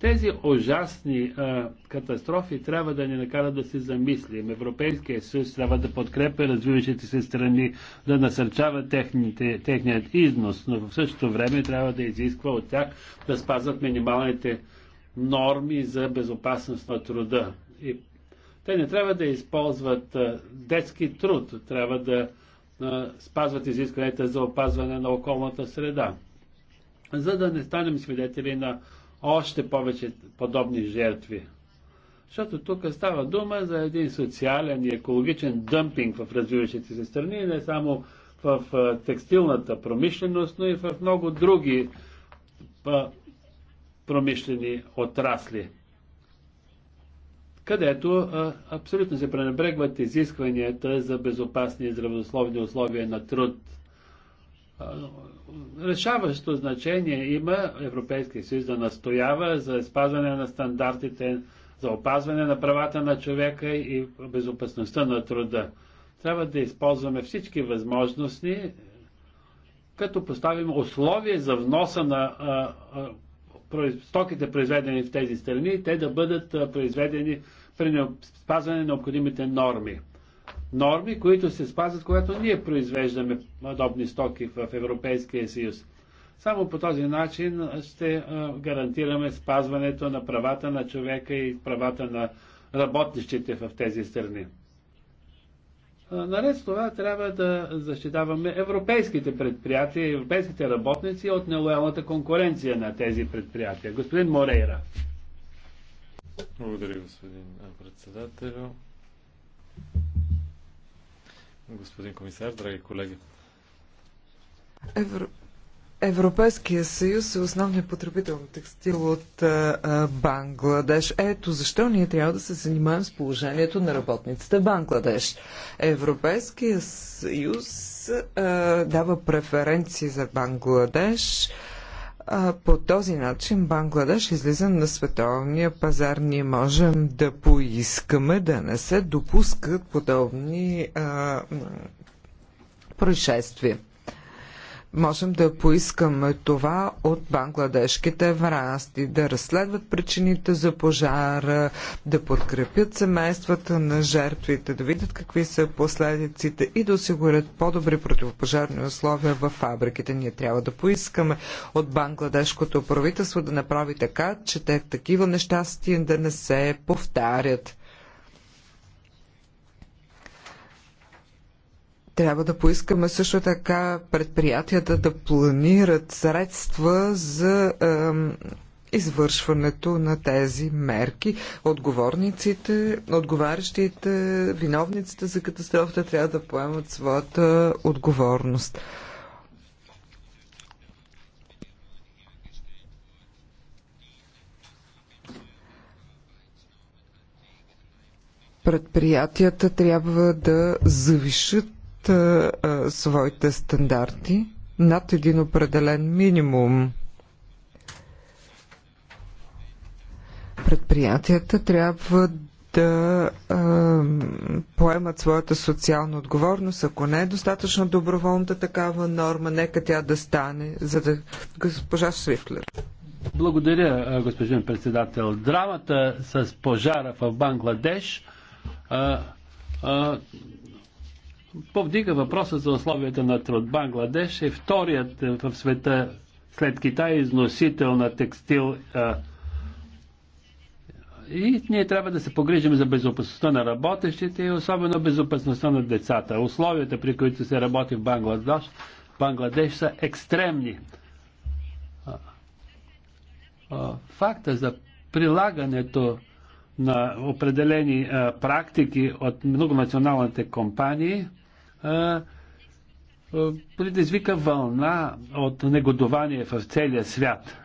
Тези ужасни а, катастрофи трябва да ни накарат да се замислим. Европейския съюз трябва да подкрепя развиващите се страни, да насърчава техните, техният износ, но в същото време трябва да изисква от тях да спазват минималните норми за безопасност на труда. И те не трябва да използват а, детски труд, трябва да а, спазват изискванията за опазване на околната среда, за да не станем свидетели на още повече подобни жертви. Защото тук става дума за един социален и екологичен дъмпинг в развиващите се страни, не само в текстилната промишленост, но и в много други промишлени отрасли, където абсолютно се пренебрегват изискванията за безопасни и здравословни условия на труд решаващо значение има Европейския съюз да настоява за спазване на стандартите, за опазване на правата на човека и безопасността на труда. Трябва да използваме всички възможности, като поставим условия за вноса на а, а, стоките, произведени в тези страни, те да бъдат произведени при спазване на необходимите норми норми, които се спазват, когато ние произвеждаме подобни стоки в Европейския съюз. Само по този начин ще гарантираме спазването на правата на човека и правата на работнищите в тези страни. Наред с това трябва да защитаваме европейските предприятия, европейските работници от нелоялната конкуренция на тези предприятия. Господин Морейра. Благодаря, господин председател господин комисар, драги колеги. Евро... Европейския съюз е основният потребител на текстил от а, Бангладеш. Ето защо ние трябва да се занимаем с положението на работниците в Бангладеш. Европейския съюз а, дава преференции за Бангладеш. А, по този начин Бангладеш излиза на световния пазар. Ние можем да поискаме да не се допускат подобни а, происшествия. Можем да поискаме това от бангладешките власти, да разследват причините за пожара, да подкрепят семействата на жертвите, да видят какви са последиците и да осигурят по-добри противопожарни условия в фабриките. Ние трябва да поискаме от бангладешкото правителство да направи така, че те такива нещастия да не се повтарят. Трябва да поискаме също така предприятията да планират средства за е, извършването на тези мерки. Отговорниците, отговарящите, виновниците за катастрофата трябва да поемат своята отговорност. предприятията трябва да завишат а, е, е, своите стандарти над един определен минимум. Предприятията трябва да а, е, поемат своята социална отговорност. Ако не е достатъчно доброволната такава норма, нека тя да стане, за да... Госпожа Шрифлер. Благодаря, господин председател. Драмата с пожара в Бангладеш а, а, повдига въпроса за условията на труд. Бангладеш е вторият е, в света след Китай износител на текстил. И ние трябва да се погрижим за безопасността на работещите и особено безопасността на децата. Условията, при които се работи в Бангладеш, Бангладеш са екстремни. Факта за прилагането на определени практики от многонационалните компании – предизвика вълна от негодование в целия свят.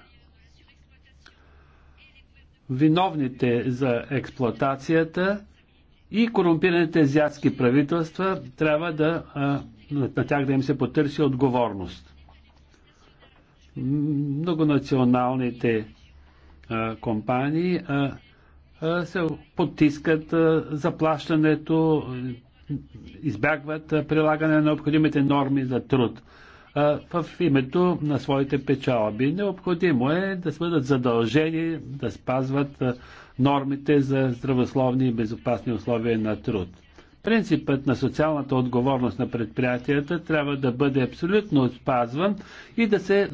Виновните за експлоатацията и корумпираните азиатски правителства трябва да на тях да им се потърси отговорност. Многонационалните а, компании а, а, се потискат а, заплащането, избягват прилагане на необходимите норми за труд в името на своите печалби. Необходимо е да бъдат задължени да спазват нормите за здравословни и безопасни условия на труд. Принципът на социалната отговорност на предприятията трябва да бъде абсолютно спазван и да се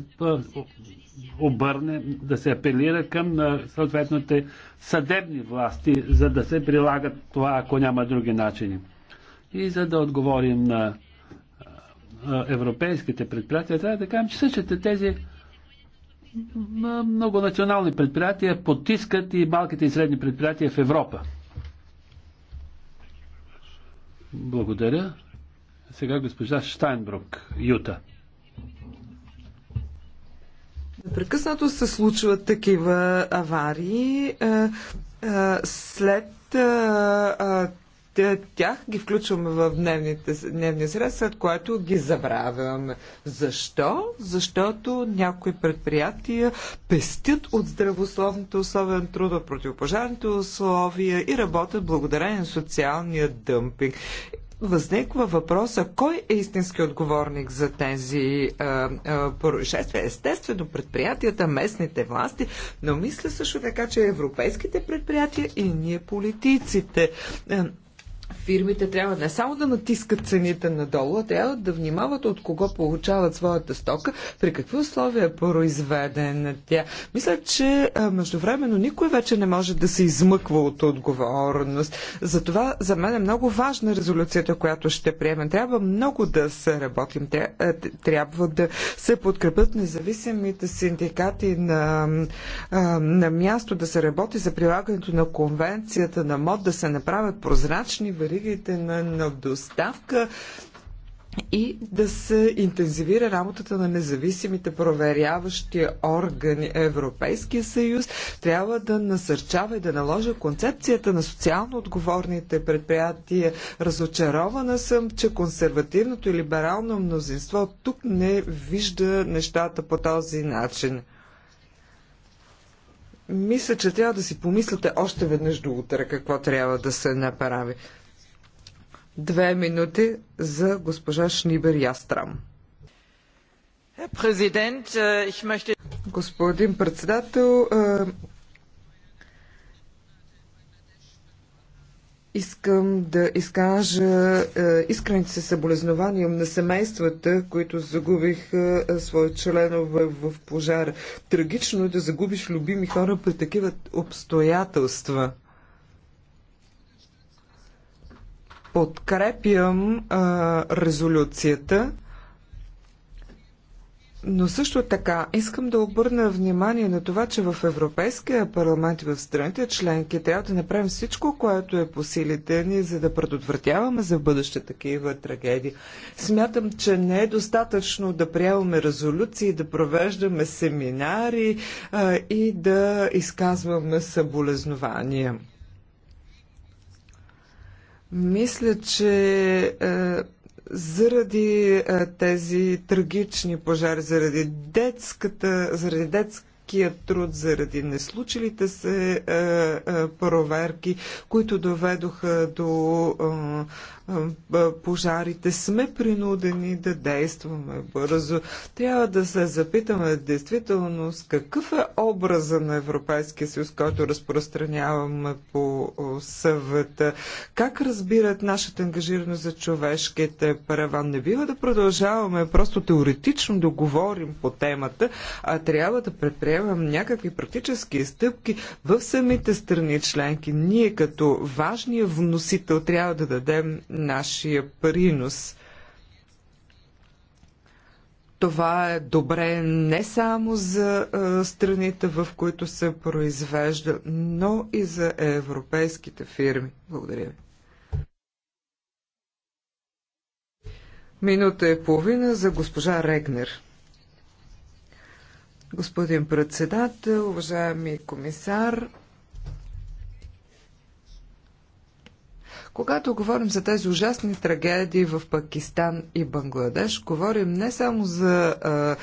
обърне, да се апелира към съответните съдебни власти, за да се прилагат това, ако няма други начини. И за да отговорим на европейските предприятия, трябва да кажем, че същите тези много национални предприятия потискат и малките и средни предприятия в Европа. Благодаря. Сега госпожа Штайнбрук, Юта. Непрекъснато се случват такива аварии. След тях ги включваме в дневните, дневния сред, след което ги забравяме. Защо? Защото някои предприятия пестят от здравословните условия на труда, противопожарните условия и работят благодарение на социалния дъмпинг възниква въпроса кой е истински отговорник за тези е, е, происшествия. Естествено, предприятията, местните власти, но мисля също така, че европейските предприятия и ние политиците. Е, фирмите трябва не само да натискат цените надолу, а трябва да внимават от кого получават своята стока, при какви условия е произведена тя. Мисля, че междувременно никой вече не може да се измъква от отговорност. Затова за мен е много важна резолюцията, която ще приемем. Трябва много да се работим. Трябва да се подкрепят независимите синдикати на, на място, да се работи за прилагането на конвенцията на МОД, да се направят прозрачни веригите на, на доставка и да се интензивира работата на независимите проверяващи органи Европейския съюз, трябва да насърчава и да наложи концепцията на социално отговорните предприятия. Разочарована съм, че консервативното и либерално мнозинство тук не вижда нещата по този начин. Мисля, че трябва да си помислите още веднъж до утре какво трябва да се направи. Две минути за госпожа Шнибер Ястрам. Äh, Господин председател, Искам да изкажа искрените си съболезнования на семействата, които загубиха своя свои членове в пожар. Трагично е да загубиш любими хора при такива обстоятелства. подкрепям а, резолюцията, но също така искам да обърна внимание на това, че в Европейския парламент и в страните членки трябва да направим всичко, което е по силите ни, за да предотвратяваме за бъдеще такива трагедии. Смятам, че не е достатъчно да приемаме резолюции, да провеждаме семинари а, и да изказваме съболезнования. Мисля, че е, заради е, тези трагични пожари, заради детската, заради детския труд, заради неслучилите се е, проверки, които доведоха до пожарите, сме принудени да действаме бързо. Трябва да се запитаме действително с какъв е образа на Европейския съюз, който разпространяваме по съвета. Как разбират нашата ангажираност за човешките права? Не бива да продължаваме просто теоретично да говорим по темата, а трябва да предприемам някакви практически стъпки в самите страни членки. Ние като важния вносител трябва да дадем нашия принос. Това е добре не само за страните, в които се произвежда, но и за европейските фирми. Благодаря ви. Минута и е половина за госпожа Регнер. Господин председател, уважаеми комисар, Когато говорим за тези ужасни трагедии в Пакистан и Бангладеш, говорим не само за а,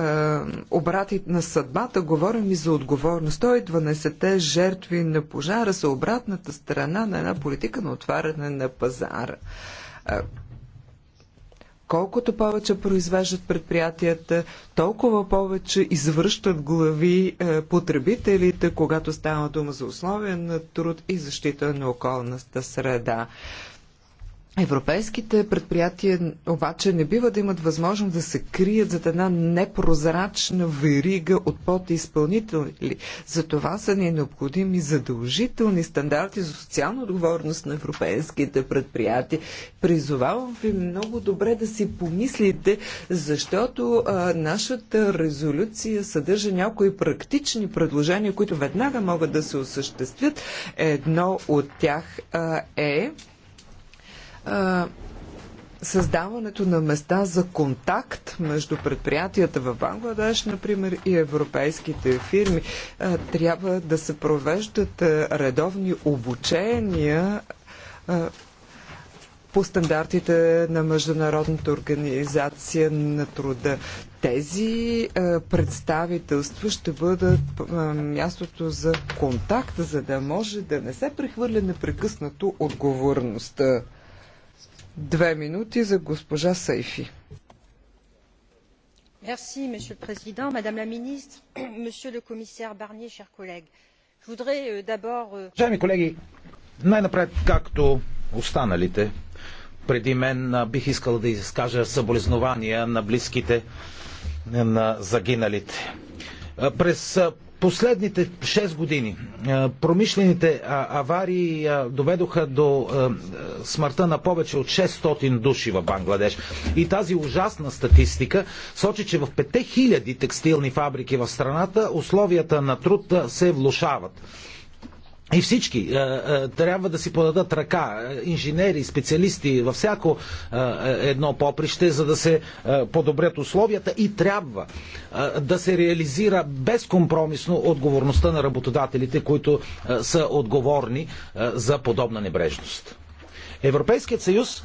а, обрати на съдбата, говорим и за отговорност. 112-те жертви на пожара са обратната страна на една политика на отваряне на пазара Колкото повече произвеждат предприятията, толкова повече извръщат глави е, потребителите, когато става дума за условия на труд и защита на околната среда. Европейските предприятия обаче не бива да имат възможност да се крият зад една непрозрачна верига от подизпълнители. За това са ни необходими задължителни стандарти за социална отговорност на европейските предприятия. Призовавам ви много добре да си помислите, защото а, нашата резолюция съдържа някои практични предложения, които веднага могат да се осъществят. Едно от тях а, е създаването на места за контакт между предприятията в Бангладеш, например, и европейските фирми. Трябва да се провеждат редовни обучения по стандартите на Международната организация на труда. Тези е, представителства ще бъдат е, мястото за контакт, за да може да не се прехвърля непрекъснато отговорността. Две минути за госпожа Merci, Monsieur le Président, Madame la Ministre, [CLEARS THROAT] Monsieur le Commissaire Barnier, chers collègues. Je voudrais euh, d'abord. Euh, Уважаеми колеги, най-напред, както останалите, преди мен бих искал да изкажа съболезнования на близките на загиналите. През последните 6 години е, промишлените аварии е, доведоха до е, смъртта на повече от 600 души в Бангладеш. И тази ужасна статистика сочи, че в 5000 текстилни фабрики в страната условията на труд се влушават. И всички е, е, трябва да си подадат ръка, инженери, специалисти, във всяко е, е, едно поприще, за да се е, подобрят условията и трябва е, да се реализира безкомпромисно отговорността на работодателите, които е, са отговорни е, за подобна небрежност. Европейският съюз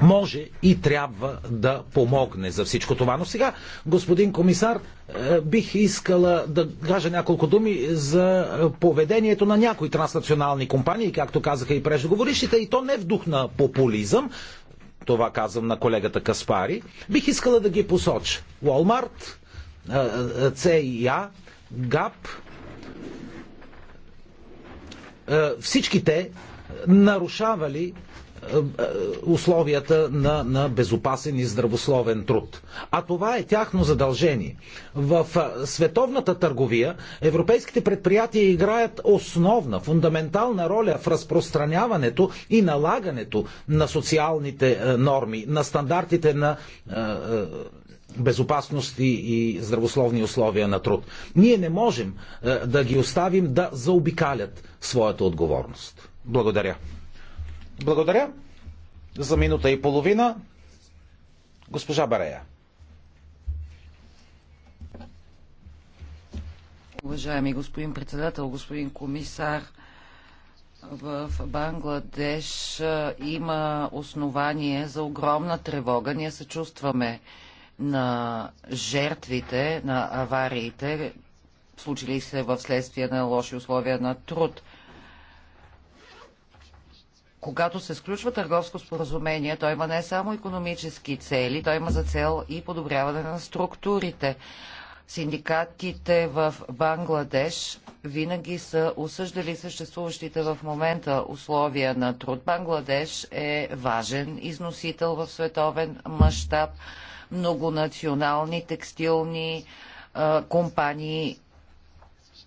може и трябва да помогне за всичко това. Но сега, господин комисар, е, бих искала да кажа няколко думи за поведението на някои транснационални компании, както казаха и преждоговорищите, и то не в дух на популизъм, това казвам на колегата Каспари, бих искала да ги посоча. Walmart, е, е, CIA, GAP, всичките нарушавали условията на, на безопасен и здравословен труд. А това е тяхно задължение. В световната търговия европейските предприятия играят основна, фундаментална роля в разпространяването и налагането на социалните норми, на стандартите на безопасност и, здравословни условия на труд. Ние не можем да ги оставим да заобикалят своята отговорност. Благодаря. Благодаря. За минута и половина госпожа Барея. Уважаеми господин председател, господин комисар, в Бангладеш има основание за огромна тревога. Ние се чувстваме на жертвите на авариите, случили се в следствие на лоши условия на труд когато се сключва търговско споразумение, то има не само економически цели, то има за цел и подобряване на структурите. Синдикатите в Бангладеш винаги са осъждали съществуващите в момента условия на труд. Бангладеш е важен износител в световен мащаб. Многонационални текстилни компании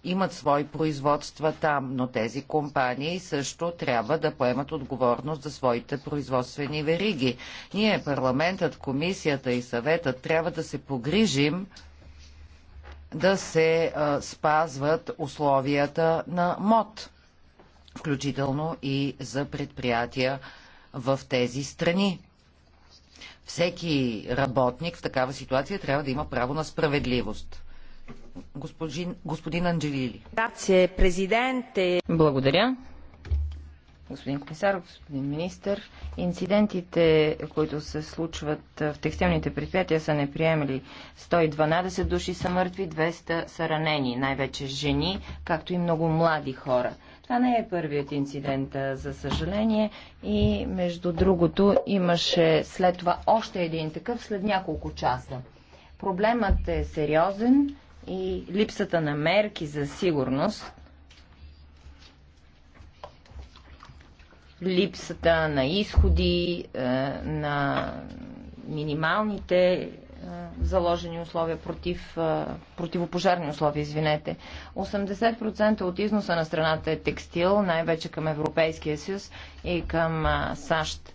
имат свои производства там, но тези компании също трябва да поемат отговорност за своите производствени вериги. Ние, парламентът, комисията и съветът трябва да се погрижим да се а, спазват условията на МОД, включително и за предприятия в тези страни. Всеки работник в такава ситуация трябва да има право на справедливост. Господин, господин Анджелили. Благодаря. Господин комисар, господин министр, инцидентите, които се случват в текстилните предприятия са неприемли. 112 души са мъртви, 200 са ранени, най-вече жени, както и много млади хора. Това не е първият инцидент, за съжаление. И, между другото, имаше след това още един такъв след няколко часа. Проблемът е сериозен и липсата на мерки за сигурност, липсата на изходи, е, на минималните е, заложени условия против е, противопожарни условия, извинете. 80% от износа на страната е текстил, най-вече към Европейския съюз и към САЩ.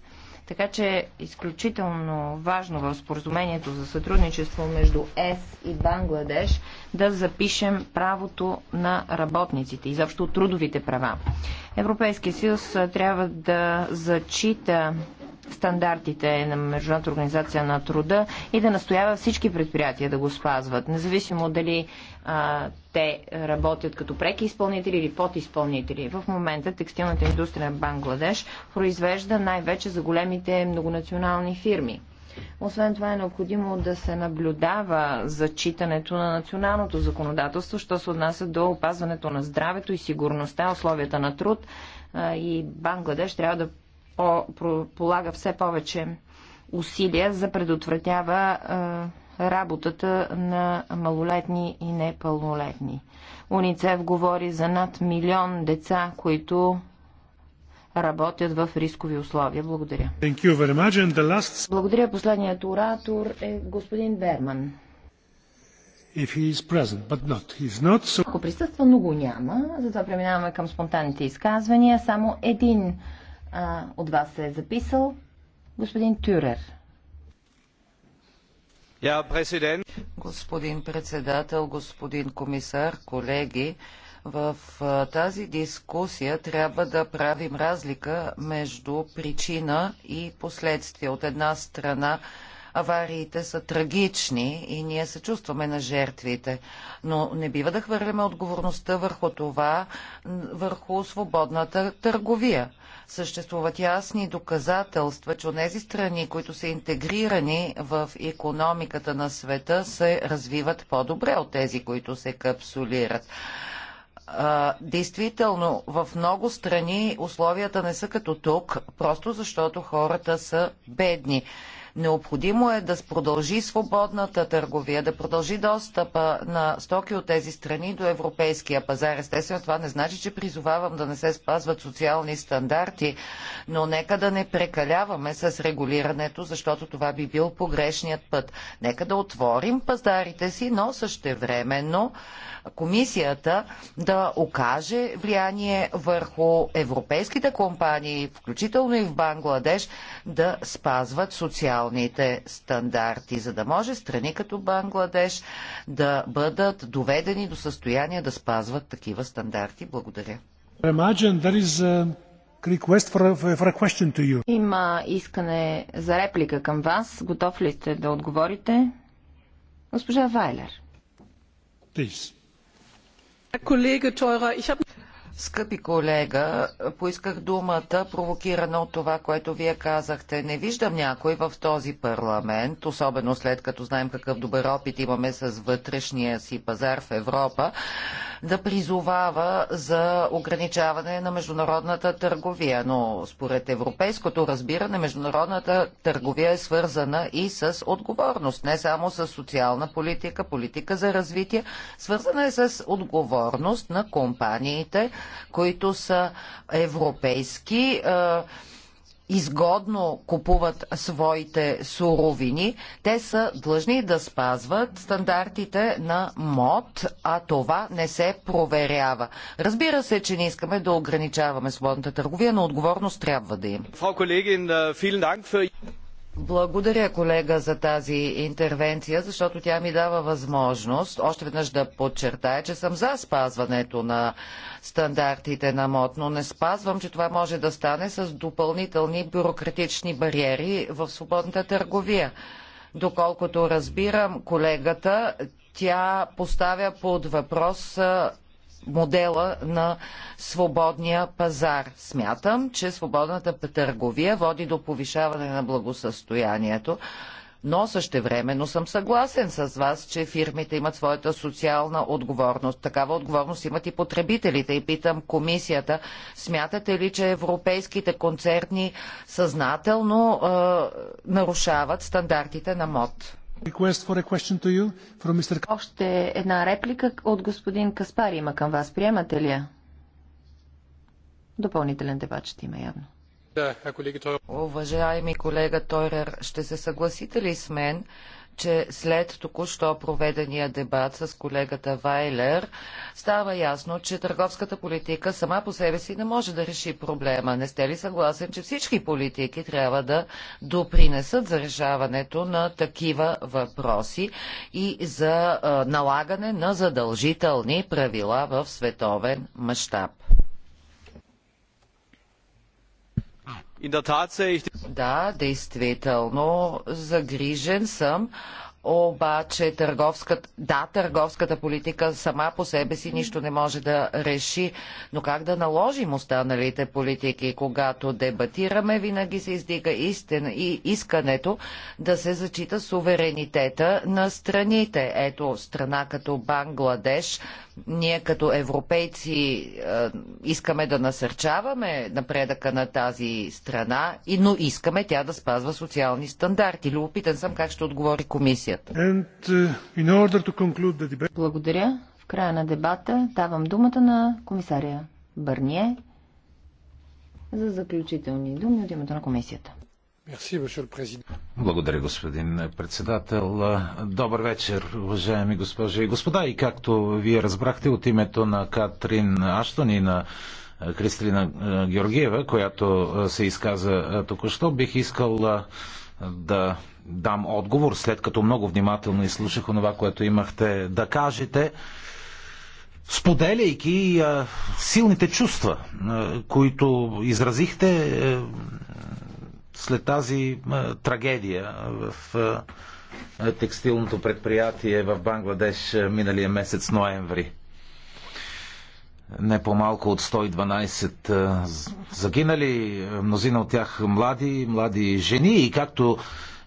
Така че е изключително важно в споразумението за сътрудничество между ЕС и Бангладеш да запишем правото на работниците, изобщо трудовите права. Европейския съюз трябва да зачита стандартите на Международната организация на труда и да настоява всички предприятия да го спазват, независимо дали а, те работят като преки изпълнители или подизпълнители. В момента текстилната индустрия на Бангладеш произвежда най-вече за големите многонационални фирми. Освен това е необходимо да се наблюдава зачитането на националното законодателство, що се отнася до опазването на здравето и сигурността, условията на труд и Бангладеш трябва да полага все повече усилия за предотвратява работата на малолетни и непълнолетни. Уницев говори за над милион деца, които работят в рискови условия. Благодаря. Last... Благодаря. Последният оратор е господин Берман. Present, not, so... Ако присъства, но го няма, затова преминаваме към спонтанните изказвания. Само един а, от вас се е записал господин Тюрер. Я, президент. Господин председател, господин комисар, колеги, в тази дискусия трябва да правим разлика между причина и последствия. От една страна авариите са трагични и ние се чувстваме на жертвите. Но не бива да хвърляме отговорността върху това, върху свободната търговия. Съществуват ясни доказателства, че тези страни, които са интегрирани в економиката на света, се развиват по-добре от тези, които се капсулират действително в много страни условията не са като тук, просто защото хората са бедни. Необходимо е да продължи свободната търговия, да продължи достъпа на стоки от тези страни до европейския пазар. Естествено, това не значи, че призовавам да не се спазват социални стандарти, но нека да не прекаляваме с регулирането, защото това би бил погрешният път. Нека да отворим пазарите си, но същевременно комисията да окаже влияние върху европейските компании, включително и в Бангладеш, да спазват социални социалните стандарти, за да може страни като Бангладеш да бъдат доведени до състояние да спазват такива стандарти. Благодаря. Има искане за реплика към вас. Готов ли сте да отговорите? Госпожа Вайлер. Колега Тойра, Скъпи колега, поисках думата, провокирана от това, което вие казахте. Не виждам някой в този парламент, особено след като знаем какъв добър опит имаме с вътрешния си пазар в Европа, да призовава за ограничаване на международната търговия. Но според европейското разбиране, международната търговия е свързана и с отговорност, не само с социална политика, политика за развитие, свързана е с отговорност на компаниите, които са европейски изгодно купуват своите суровини, те са длъжни да спазват стандартите на МОД, а това не се проверява. Разбира се, че не искаме да ограничаваме свободната търговия, но отговорност трябва да има. Благодаря, колега, за тази интервенция, защото тя ми дава възможност още веднъж да подчертая, че съм за спазването на стандартите на МОД, но не спазвам, че това може да стане с допълнителни бюрократични бариери в свободната търговия. Доколкото разбирам колегата, тя поставя под въпрос модела на свободния пазар. Смятам, че свободната търговия води до повишаване на благосъстоянието, но същевременно съм съгласен с вас, че фирмите имат своята социална отговорност. Такава отговорност имат и потребителите. И питам комисията, смятате ли, че европейските концерни съзнателно е, нарушават стандартите на МОД? Още една реплика от господин Каспари има към вас. Приемате ли я? Допълнителен дебат ще има явно. Уважаеми колега Тойрер, ще се съгласите ли с мен, че след току-що проведения дебат с колегата Вайлер, става ясно, че търговската политика сама по себе си не може да реши проблема. Не сте ли съгласен, че всички политики трябва да допринесат за решаването на такива въпроси и за налагане на задължителни правила в световен мащаб? Да, действително, загрижен съм, обаче търговската, да, търговската политика сама по себе си нищо не може да реши, но как да наложим останалите политики, когато дебатираме, винаги се издига истина и искането да се зачита суверенитета на страните. Ето, страна като Бангладеш ние като европейци е, искаме да насърчаваме напредъка на тази страна, но искаме тя да спазва социални стандарти. Любопитен съм как ще отговори комисията. Uh, Благодаря. В края на дебата давам думата на комисаря Бърние за заключителни думи от името на комисията. Благодаря, господин председател. Добър вечер, уважаеми госпожи и господа. И както вие разбрахте от името на Катрин Аштон и на Кристина Георгиева, която се изказа току-що, бих искал да дам отговор, след като много внимателно изслушах онова, което имахте да кажете споделяйки силните чувства, които изразихте, след тази трагедия в текстилното предприятие в Бангладеш миналия месец ноември. Не по-малко от 112 загинали, мнозина от тях млади, млади жени и както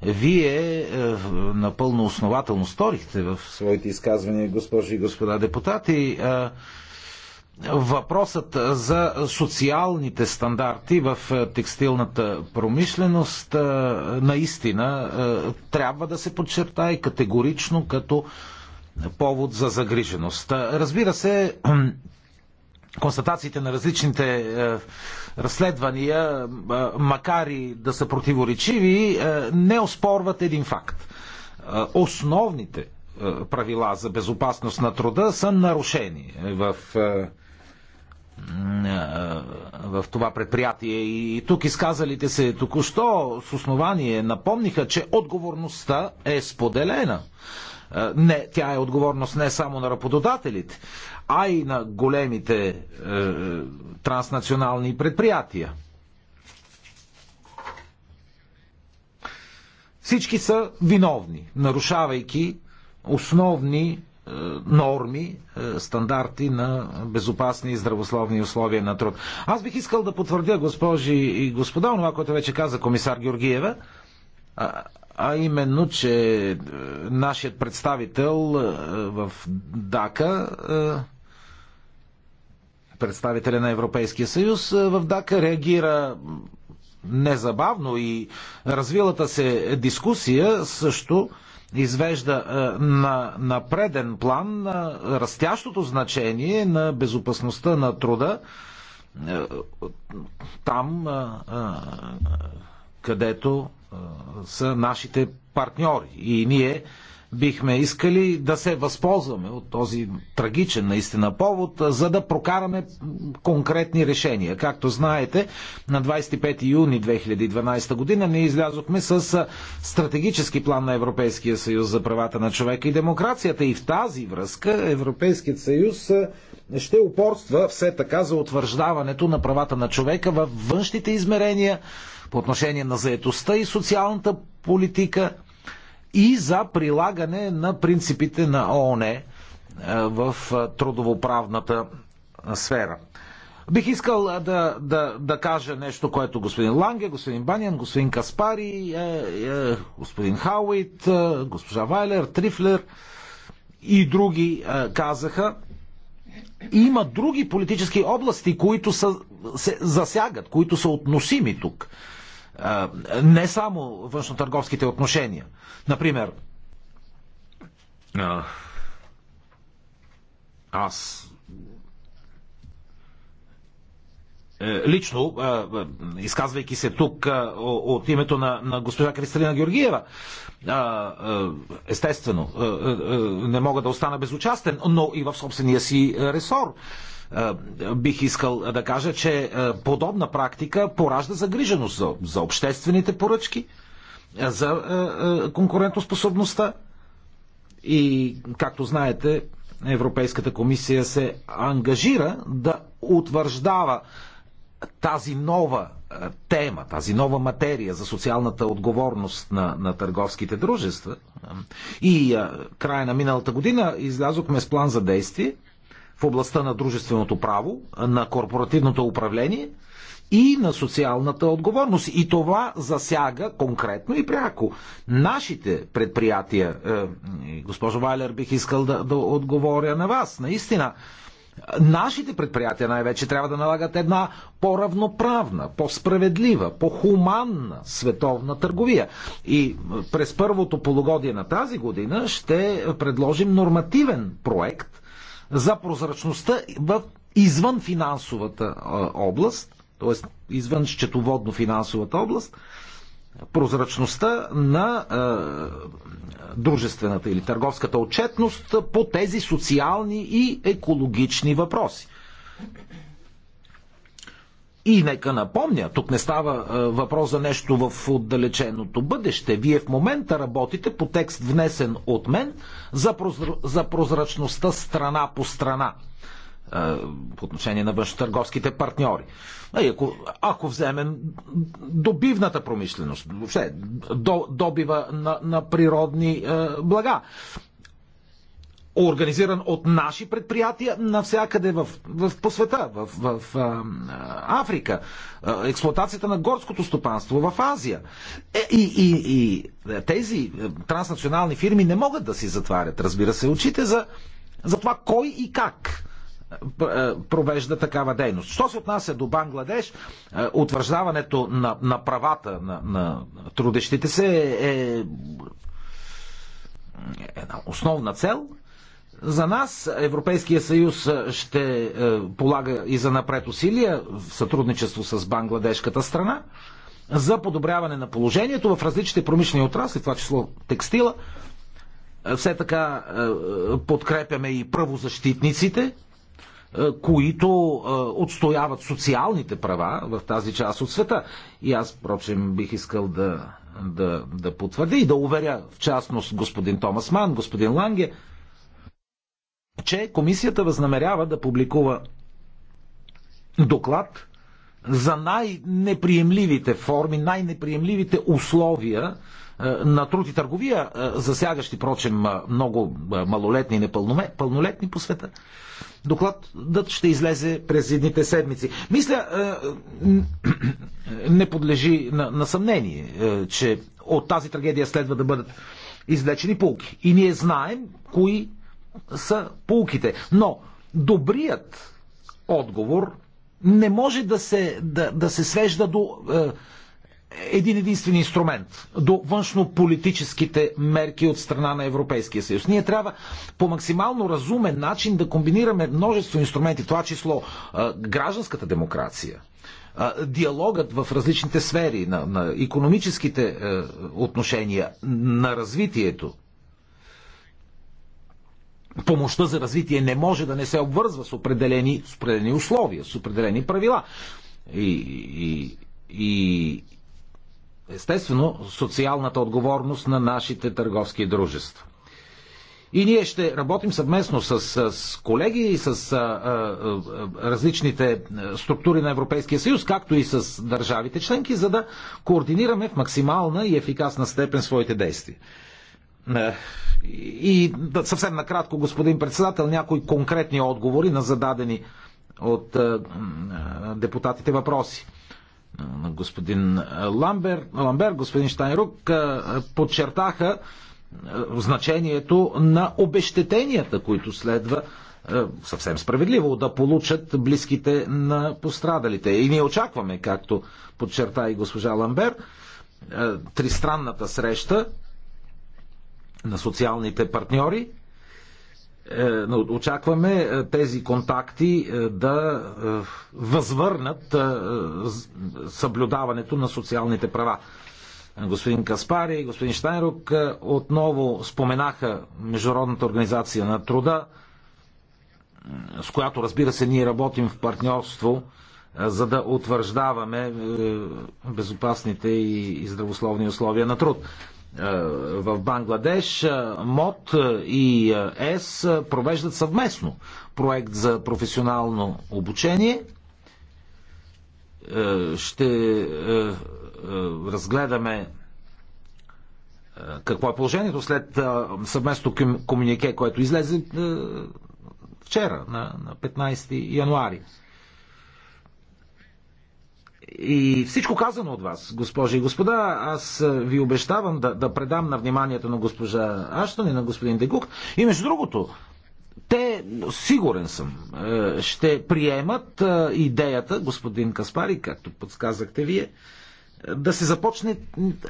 вие напълно основателно сторихте в своите изказвания, госпожи и господа депутати, въпросът за социалните стандарти в текстилната промишленост наистина трябва да се подчертае категорично като повод за загриженост. Разбира се, [CLEARS THROAT] констатациите на различните разследвания, макар и да са противоречиви, не оспорват един факт. Основните е, правила за безопасност на труда са нарушени в, е, е, в това предприятие. И тук изказалите се току-що с основание напомниха, че отговорността е споделена. Не, тя е отговорност не само на работодателите, а и на големите е, транснационални предприятия. Всички са виновни, нарушавайки основни е, норми, е, стандарти на безопасни и здравословни условия на труд. Аз бих искал да потвърдя, госпожи и господа, това, което вече каза комисар Георгиева, а именно, че е, нашият представител в Дака, представителя на Европейския съюз, в Дака реагира незабавно и развилата се дискусия също извежда е, на, на преден план е, растящото значение на безопасността на труда е, там, където са нашите партньори. И ние бихме искали да се възползваме от този трагичен наистина повод, за да прокараме конкретни решения. Както знаете, на 25 юни 2012 година ние излязохме с стратегически план на Европейския съюз за правата на човека и демокрацията. И в тази връзка Европейският съюз ще упорства все така за утвърждаването на правата на човека във външните измерения по отношение на заетостта и социалната политика – и за прилагане на принципите на ООН е, в е, трудовоправната сфера. Бих искал е, да, да, да кажа нещо, което господин Ланге, господин Банян, господин Каспари, е, е, господин Хауит, е, госпожа Вайлер, Трифлер и други е, казаха. Има други политически области, които са, се засягат, които са относими тук. Не само външно-търговските отношения. Например, аз е, лично, изказвайки се тук от името на, на госпожа Кристалина Георгиева, естествено, не мога да остана безучастен, но и в собствения си ресор е, бих искал да кажа, че е, подобна практика поражда загриженост за, за обществените поръчки, е, за конкурентоспособността. И, както знаете, Европейската комисия се ангажира да утвърждава тази нова тема, тази нова материя за социалната отговорност на, на търговските дружества. И а, края на миналата година излязохме с план за действие, в областта на дружественото право, на корпоративното управление и на социалната отговорност. И това засяга конкретно и пряко нашите предприятия. Е, госпожо Вайлер, бих искал да, да отговоря на вас. Наистина, нашите предприятия най-вече трябва да налагат една по-равноправна, по-справедлива, по-хуманна световна търговия. И през първото полугодие на тази година ще предложим нормативен проект – за прозрачността в извън финансовата област, т.е. извън счетоводно-финансовата област, прозрачността на е, дружествената или търговската отчетност по тези социални и екологични въпроси. И нека напомня, тук не става а, въпрос за нещо в отдалеченото бъдеще. Вие в момента работите по текст внесен от мен за, прозр... за прозрачността страна по страна а, по отношение на външно-търговските партньори. Е, ако, ако вземем добивната промишленост, въобще, до, добива на, на природни а, блага, организиран от наши предприятия навсякъде в, в, по света, в, в, в а, Африка, експлуатацията на горското стопанство в Азия. Е, и, и, и е, тези е, транснационални фирми не могат да си затварят, разбира се, очите за, за това кой и как е, провежда такава дейност. Що се отнася до Бангладеш, утвърждаването на, на правата на, на трудещите се е една основна цел за нас Европейския съюз е, ще е, полага и за напред усилия в сътрудничество с бангладешката страна за подобряване на положението в различните промишлени отрасли, това число текстила. Е, все така подкрепяме и правозащитниците, които отстояват социалните права в тази част от света. И аз, впрочем, бих искал да, да, да потвърди и да уверя, в частност, господин Томас Ман, господин Ланге, че комисията възнамерява да публикува доклад за най-неприемливите форми, най-неприемливите условия е, на труд и търговия, е, засягащи, прочем, е, много малолетни и непълнолетни по света. Докладът ще излезе през едните седмици. Мисля, не подлежи на, на съмнение, че от тази трагедия следва да бъдат извлечени полки. И ние знаем кои са полките, Но добрият отговор не може да се, да, да се свежда до е, един единствен инструмент, до външно политическите мерки от страна на Европейския съюз. Ние трябва по максимално разумен начин да комбинираме множество инструменти, това число е, гражданската демокрация, е, диалогът в различните сфери на, на економическите е, отношения, на развитието, помощта за развитие не може да не се обвързва с определени, с определени условия, с определени правила. И, и, и естествено социалната отговорност на нашите търговски дружества. И ние ще работим съвместно с, с колеги и с а, а, различните структури на Европейския съюз, както и с държавите членки, за да координираме в максимална и ефикасна степен своите действия. Е, и съвсем накратко, господин председател, някои конкретни отговори на зададени от е, е, депутатите въпроси на господин Ламбер, Ламбер господин Штайнрук подчертаха значението на обещетенията, които следва съвсем справедливо да получат близките на пострадалите. И ние очакваме, както подчерта и госпожа Ламбер, тристранната среща на социалните партньори. Е, очакваме е, тези контакти е, да възвърнат съблюдаването на социалните права. Господин Каспари и господин Штайнрук отново споменаха Международната организация на труда, с която разбира се ние работим в партньорство, за да утвърждаваме безопасните и здравословни условия на труд. Е, в Бангладеш, е, МОД е, и ЕС провеждат съвместно проект за професионално обучение. Ще разгледаме какво е положението след съвместно комюнике, което излезе вчера, на 15 януари. И всичко казано от вас, госпожи и господа, аз ви обещавам да, да предам на вниманието на госпожа Аштон и на господин Дегук. И между другото, те, сигурен съм, е, ще приемат е, идеята, господин Каспари, както подсказахте вие, е, да се започне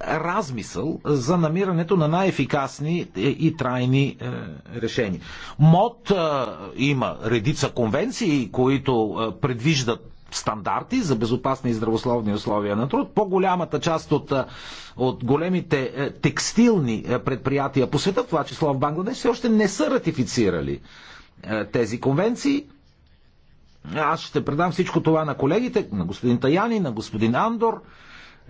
размисъл за намирането на най-ефикасни и трайни решения. МОД има редица конвенции, които предвиждат стандарти за безопасни и здравословни условия на труд. По-голямата част от, от големите е, текстилни е, предприятия по света, това число в Бангладеш, все още не са ратифицирали е, тези конвенции. Аз ще предам всичко това на колегите, на господин Таяни, на господин Андор,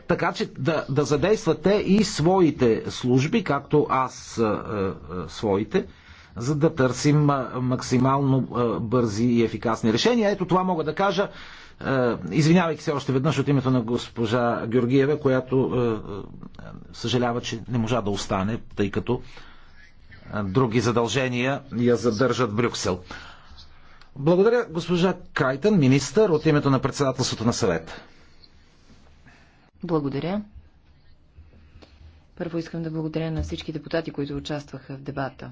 така че да, да задействате и своите служби, както аз своите, за да търсим максимално бързи и ефикасни решения. Ето това мога да кажа е, извинявайки се още веднъж от името на госпожа Георгиева, която е, е, съжалява, че не можа да остане, тъй като други задължения я задържат Брюксел. Благодаря госпожа Крайтън, министър от името на председателството на съвет. Благодаря. Първо искам да благодаря на всички депутати, които участваха в дебата.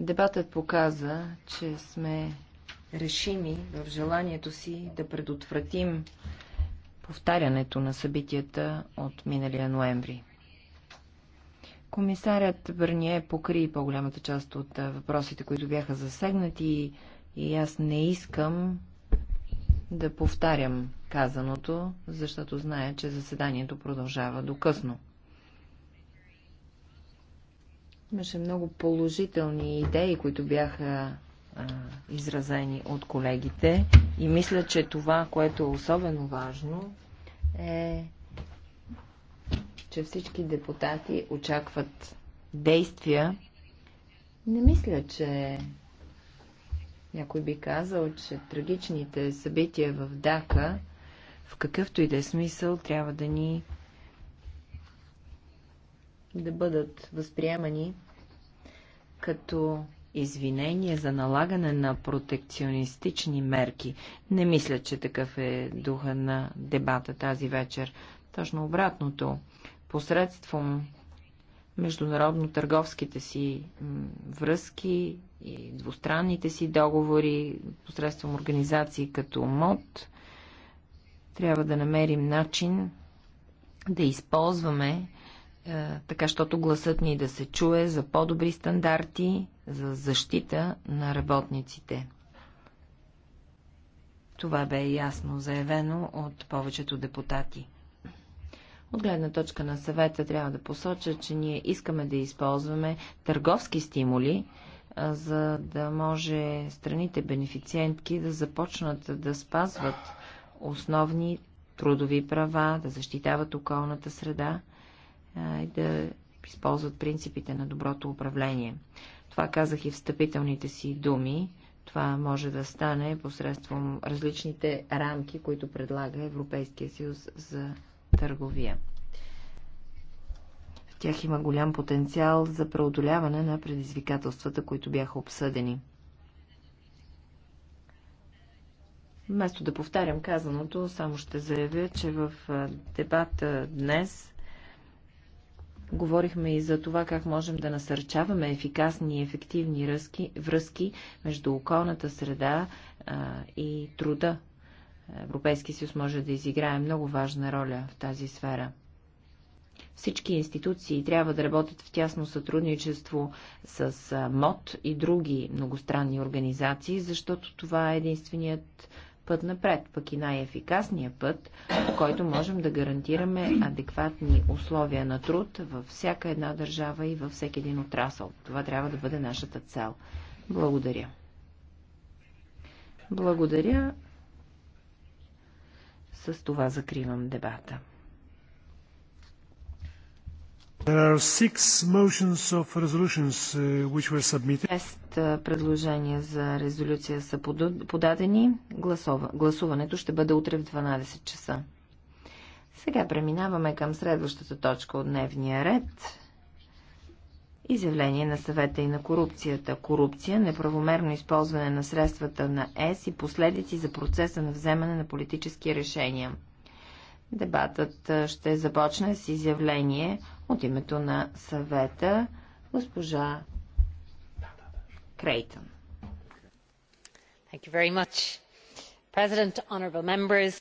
Дебатът показа, че сме решими в желанието си да предотвратим повтарянето на събитията от миналия ноември. Комисарят Бърние покри по-голямата част от въпросите, които бяха засегнати и аз не искам да повтарям казаното, защото зная, че заседанието продължава до късно. Имаше много положителни идеи, които бяха а, изразени от колегите. И мисля, че това, което е особено важно, е, че всички депутати очакват действия. Не мисля, че някой би казал, че трагичните събития в Дака, в какъвто и да е смисъл, трябва да ни да бъдат възприемани като извинение за налагане на протекционистични мерки. Не мисля, че такъв е духа на дебата тази вечер. Точно обратното. Посредством международно-търговските си връзки и двустранните си договори, посредством организации като МОД, трябва да намерим начин да използваме е, така щото гласът ни да се чуе за по-добри стандарти, за защита на работниците. Това бе ясно заявено от повечето депутати. От гледна точка на съвета трябва да посоча, че ние искаме да използваме търговски стимули, е, за да може страните бенефициентки да започнат да спазват основни трудови права, да защитават околната среда и да използват принципите на доброто управление. Това казах и встъпителните си думи. Това може да стане посредством различните рамки, които предлага Европейския съюз за търговия. В тях има голям потенциал за преодоляване на предизвикателствата, които бяха обсъдени. Вместо да повтарям казаното, само ще заявя, че в дебата днес Говорихме и за това как можем да насърчаваме ефикасни и ефективни връзки, връзки между околната среда а, и труда. Европейски съюз може да изиграе много важна роля в тази сфера. Всички институции трябва да работят в тясно сътрудничество с МОД и други многостранни организации, защото това е единственият път напред, пък и най-ефикасния път, по който можем да гарантираме адекватни условия на труд във всяка една държава и във всеки един отрасъл. Това трябва да бъде нашата цел. Благодаря. Благодаря. С това закривам дебата. Uh, Шест предложения за резолюция са подадени. Гласуването ще бъде утре в 12 часа. Сега преминаваме към следващата точка от дневния ред. Изявление на съвета и на корупцията. Корупция, неправомерно използване на средствата на ЕС и последици за процеса на вземане на политически решения. Дебатът ще започне с изявление от името на съвета госпожа Крейтън. Thank you very much. President, honorable members.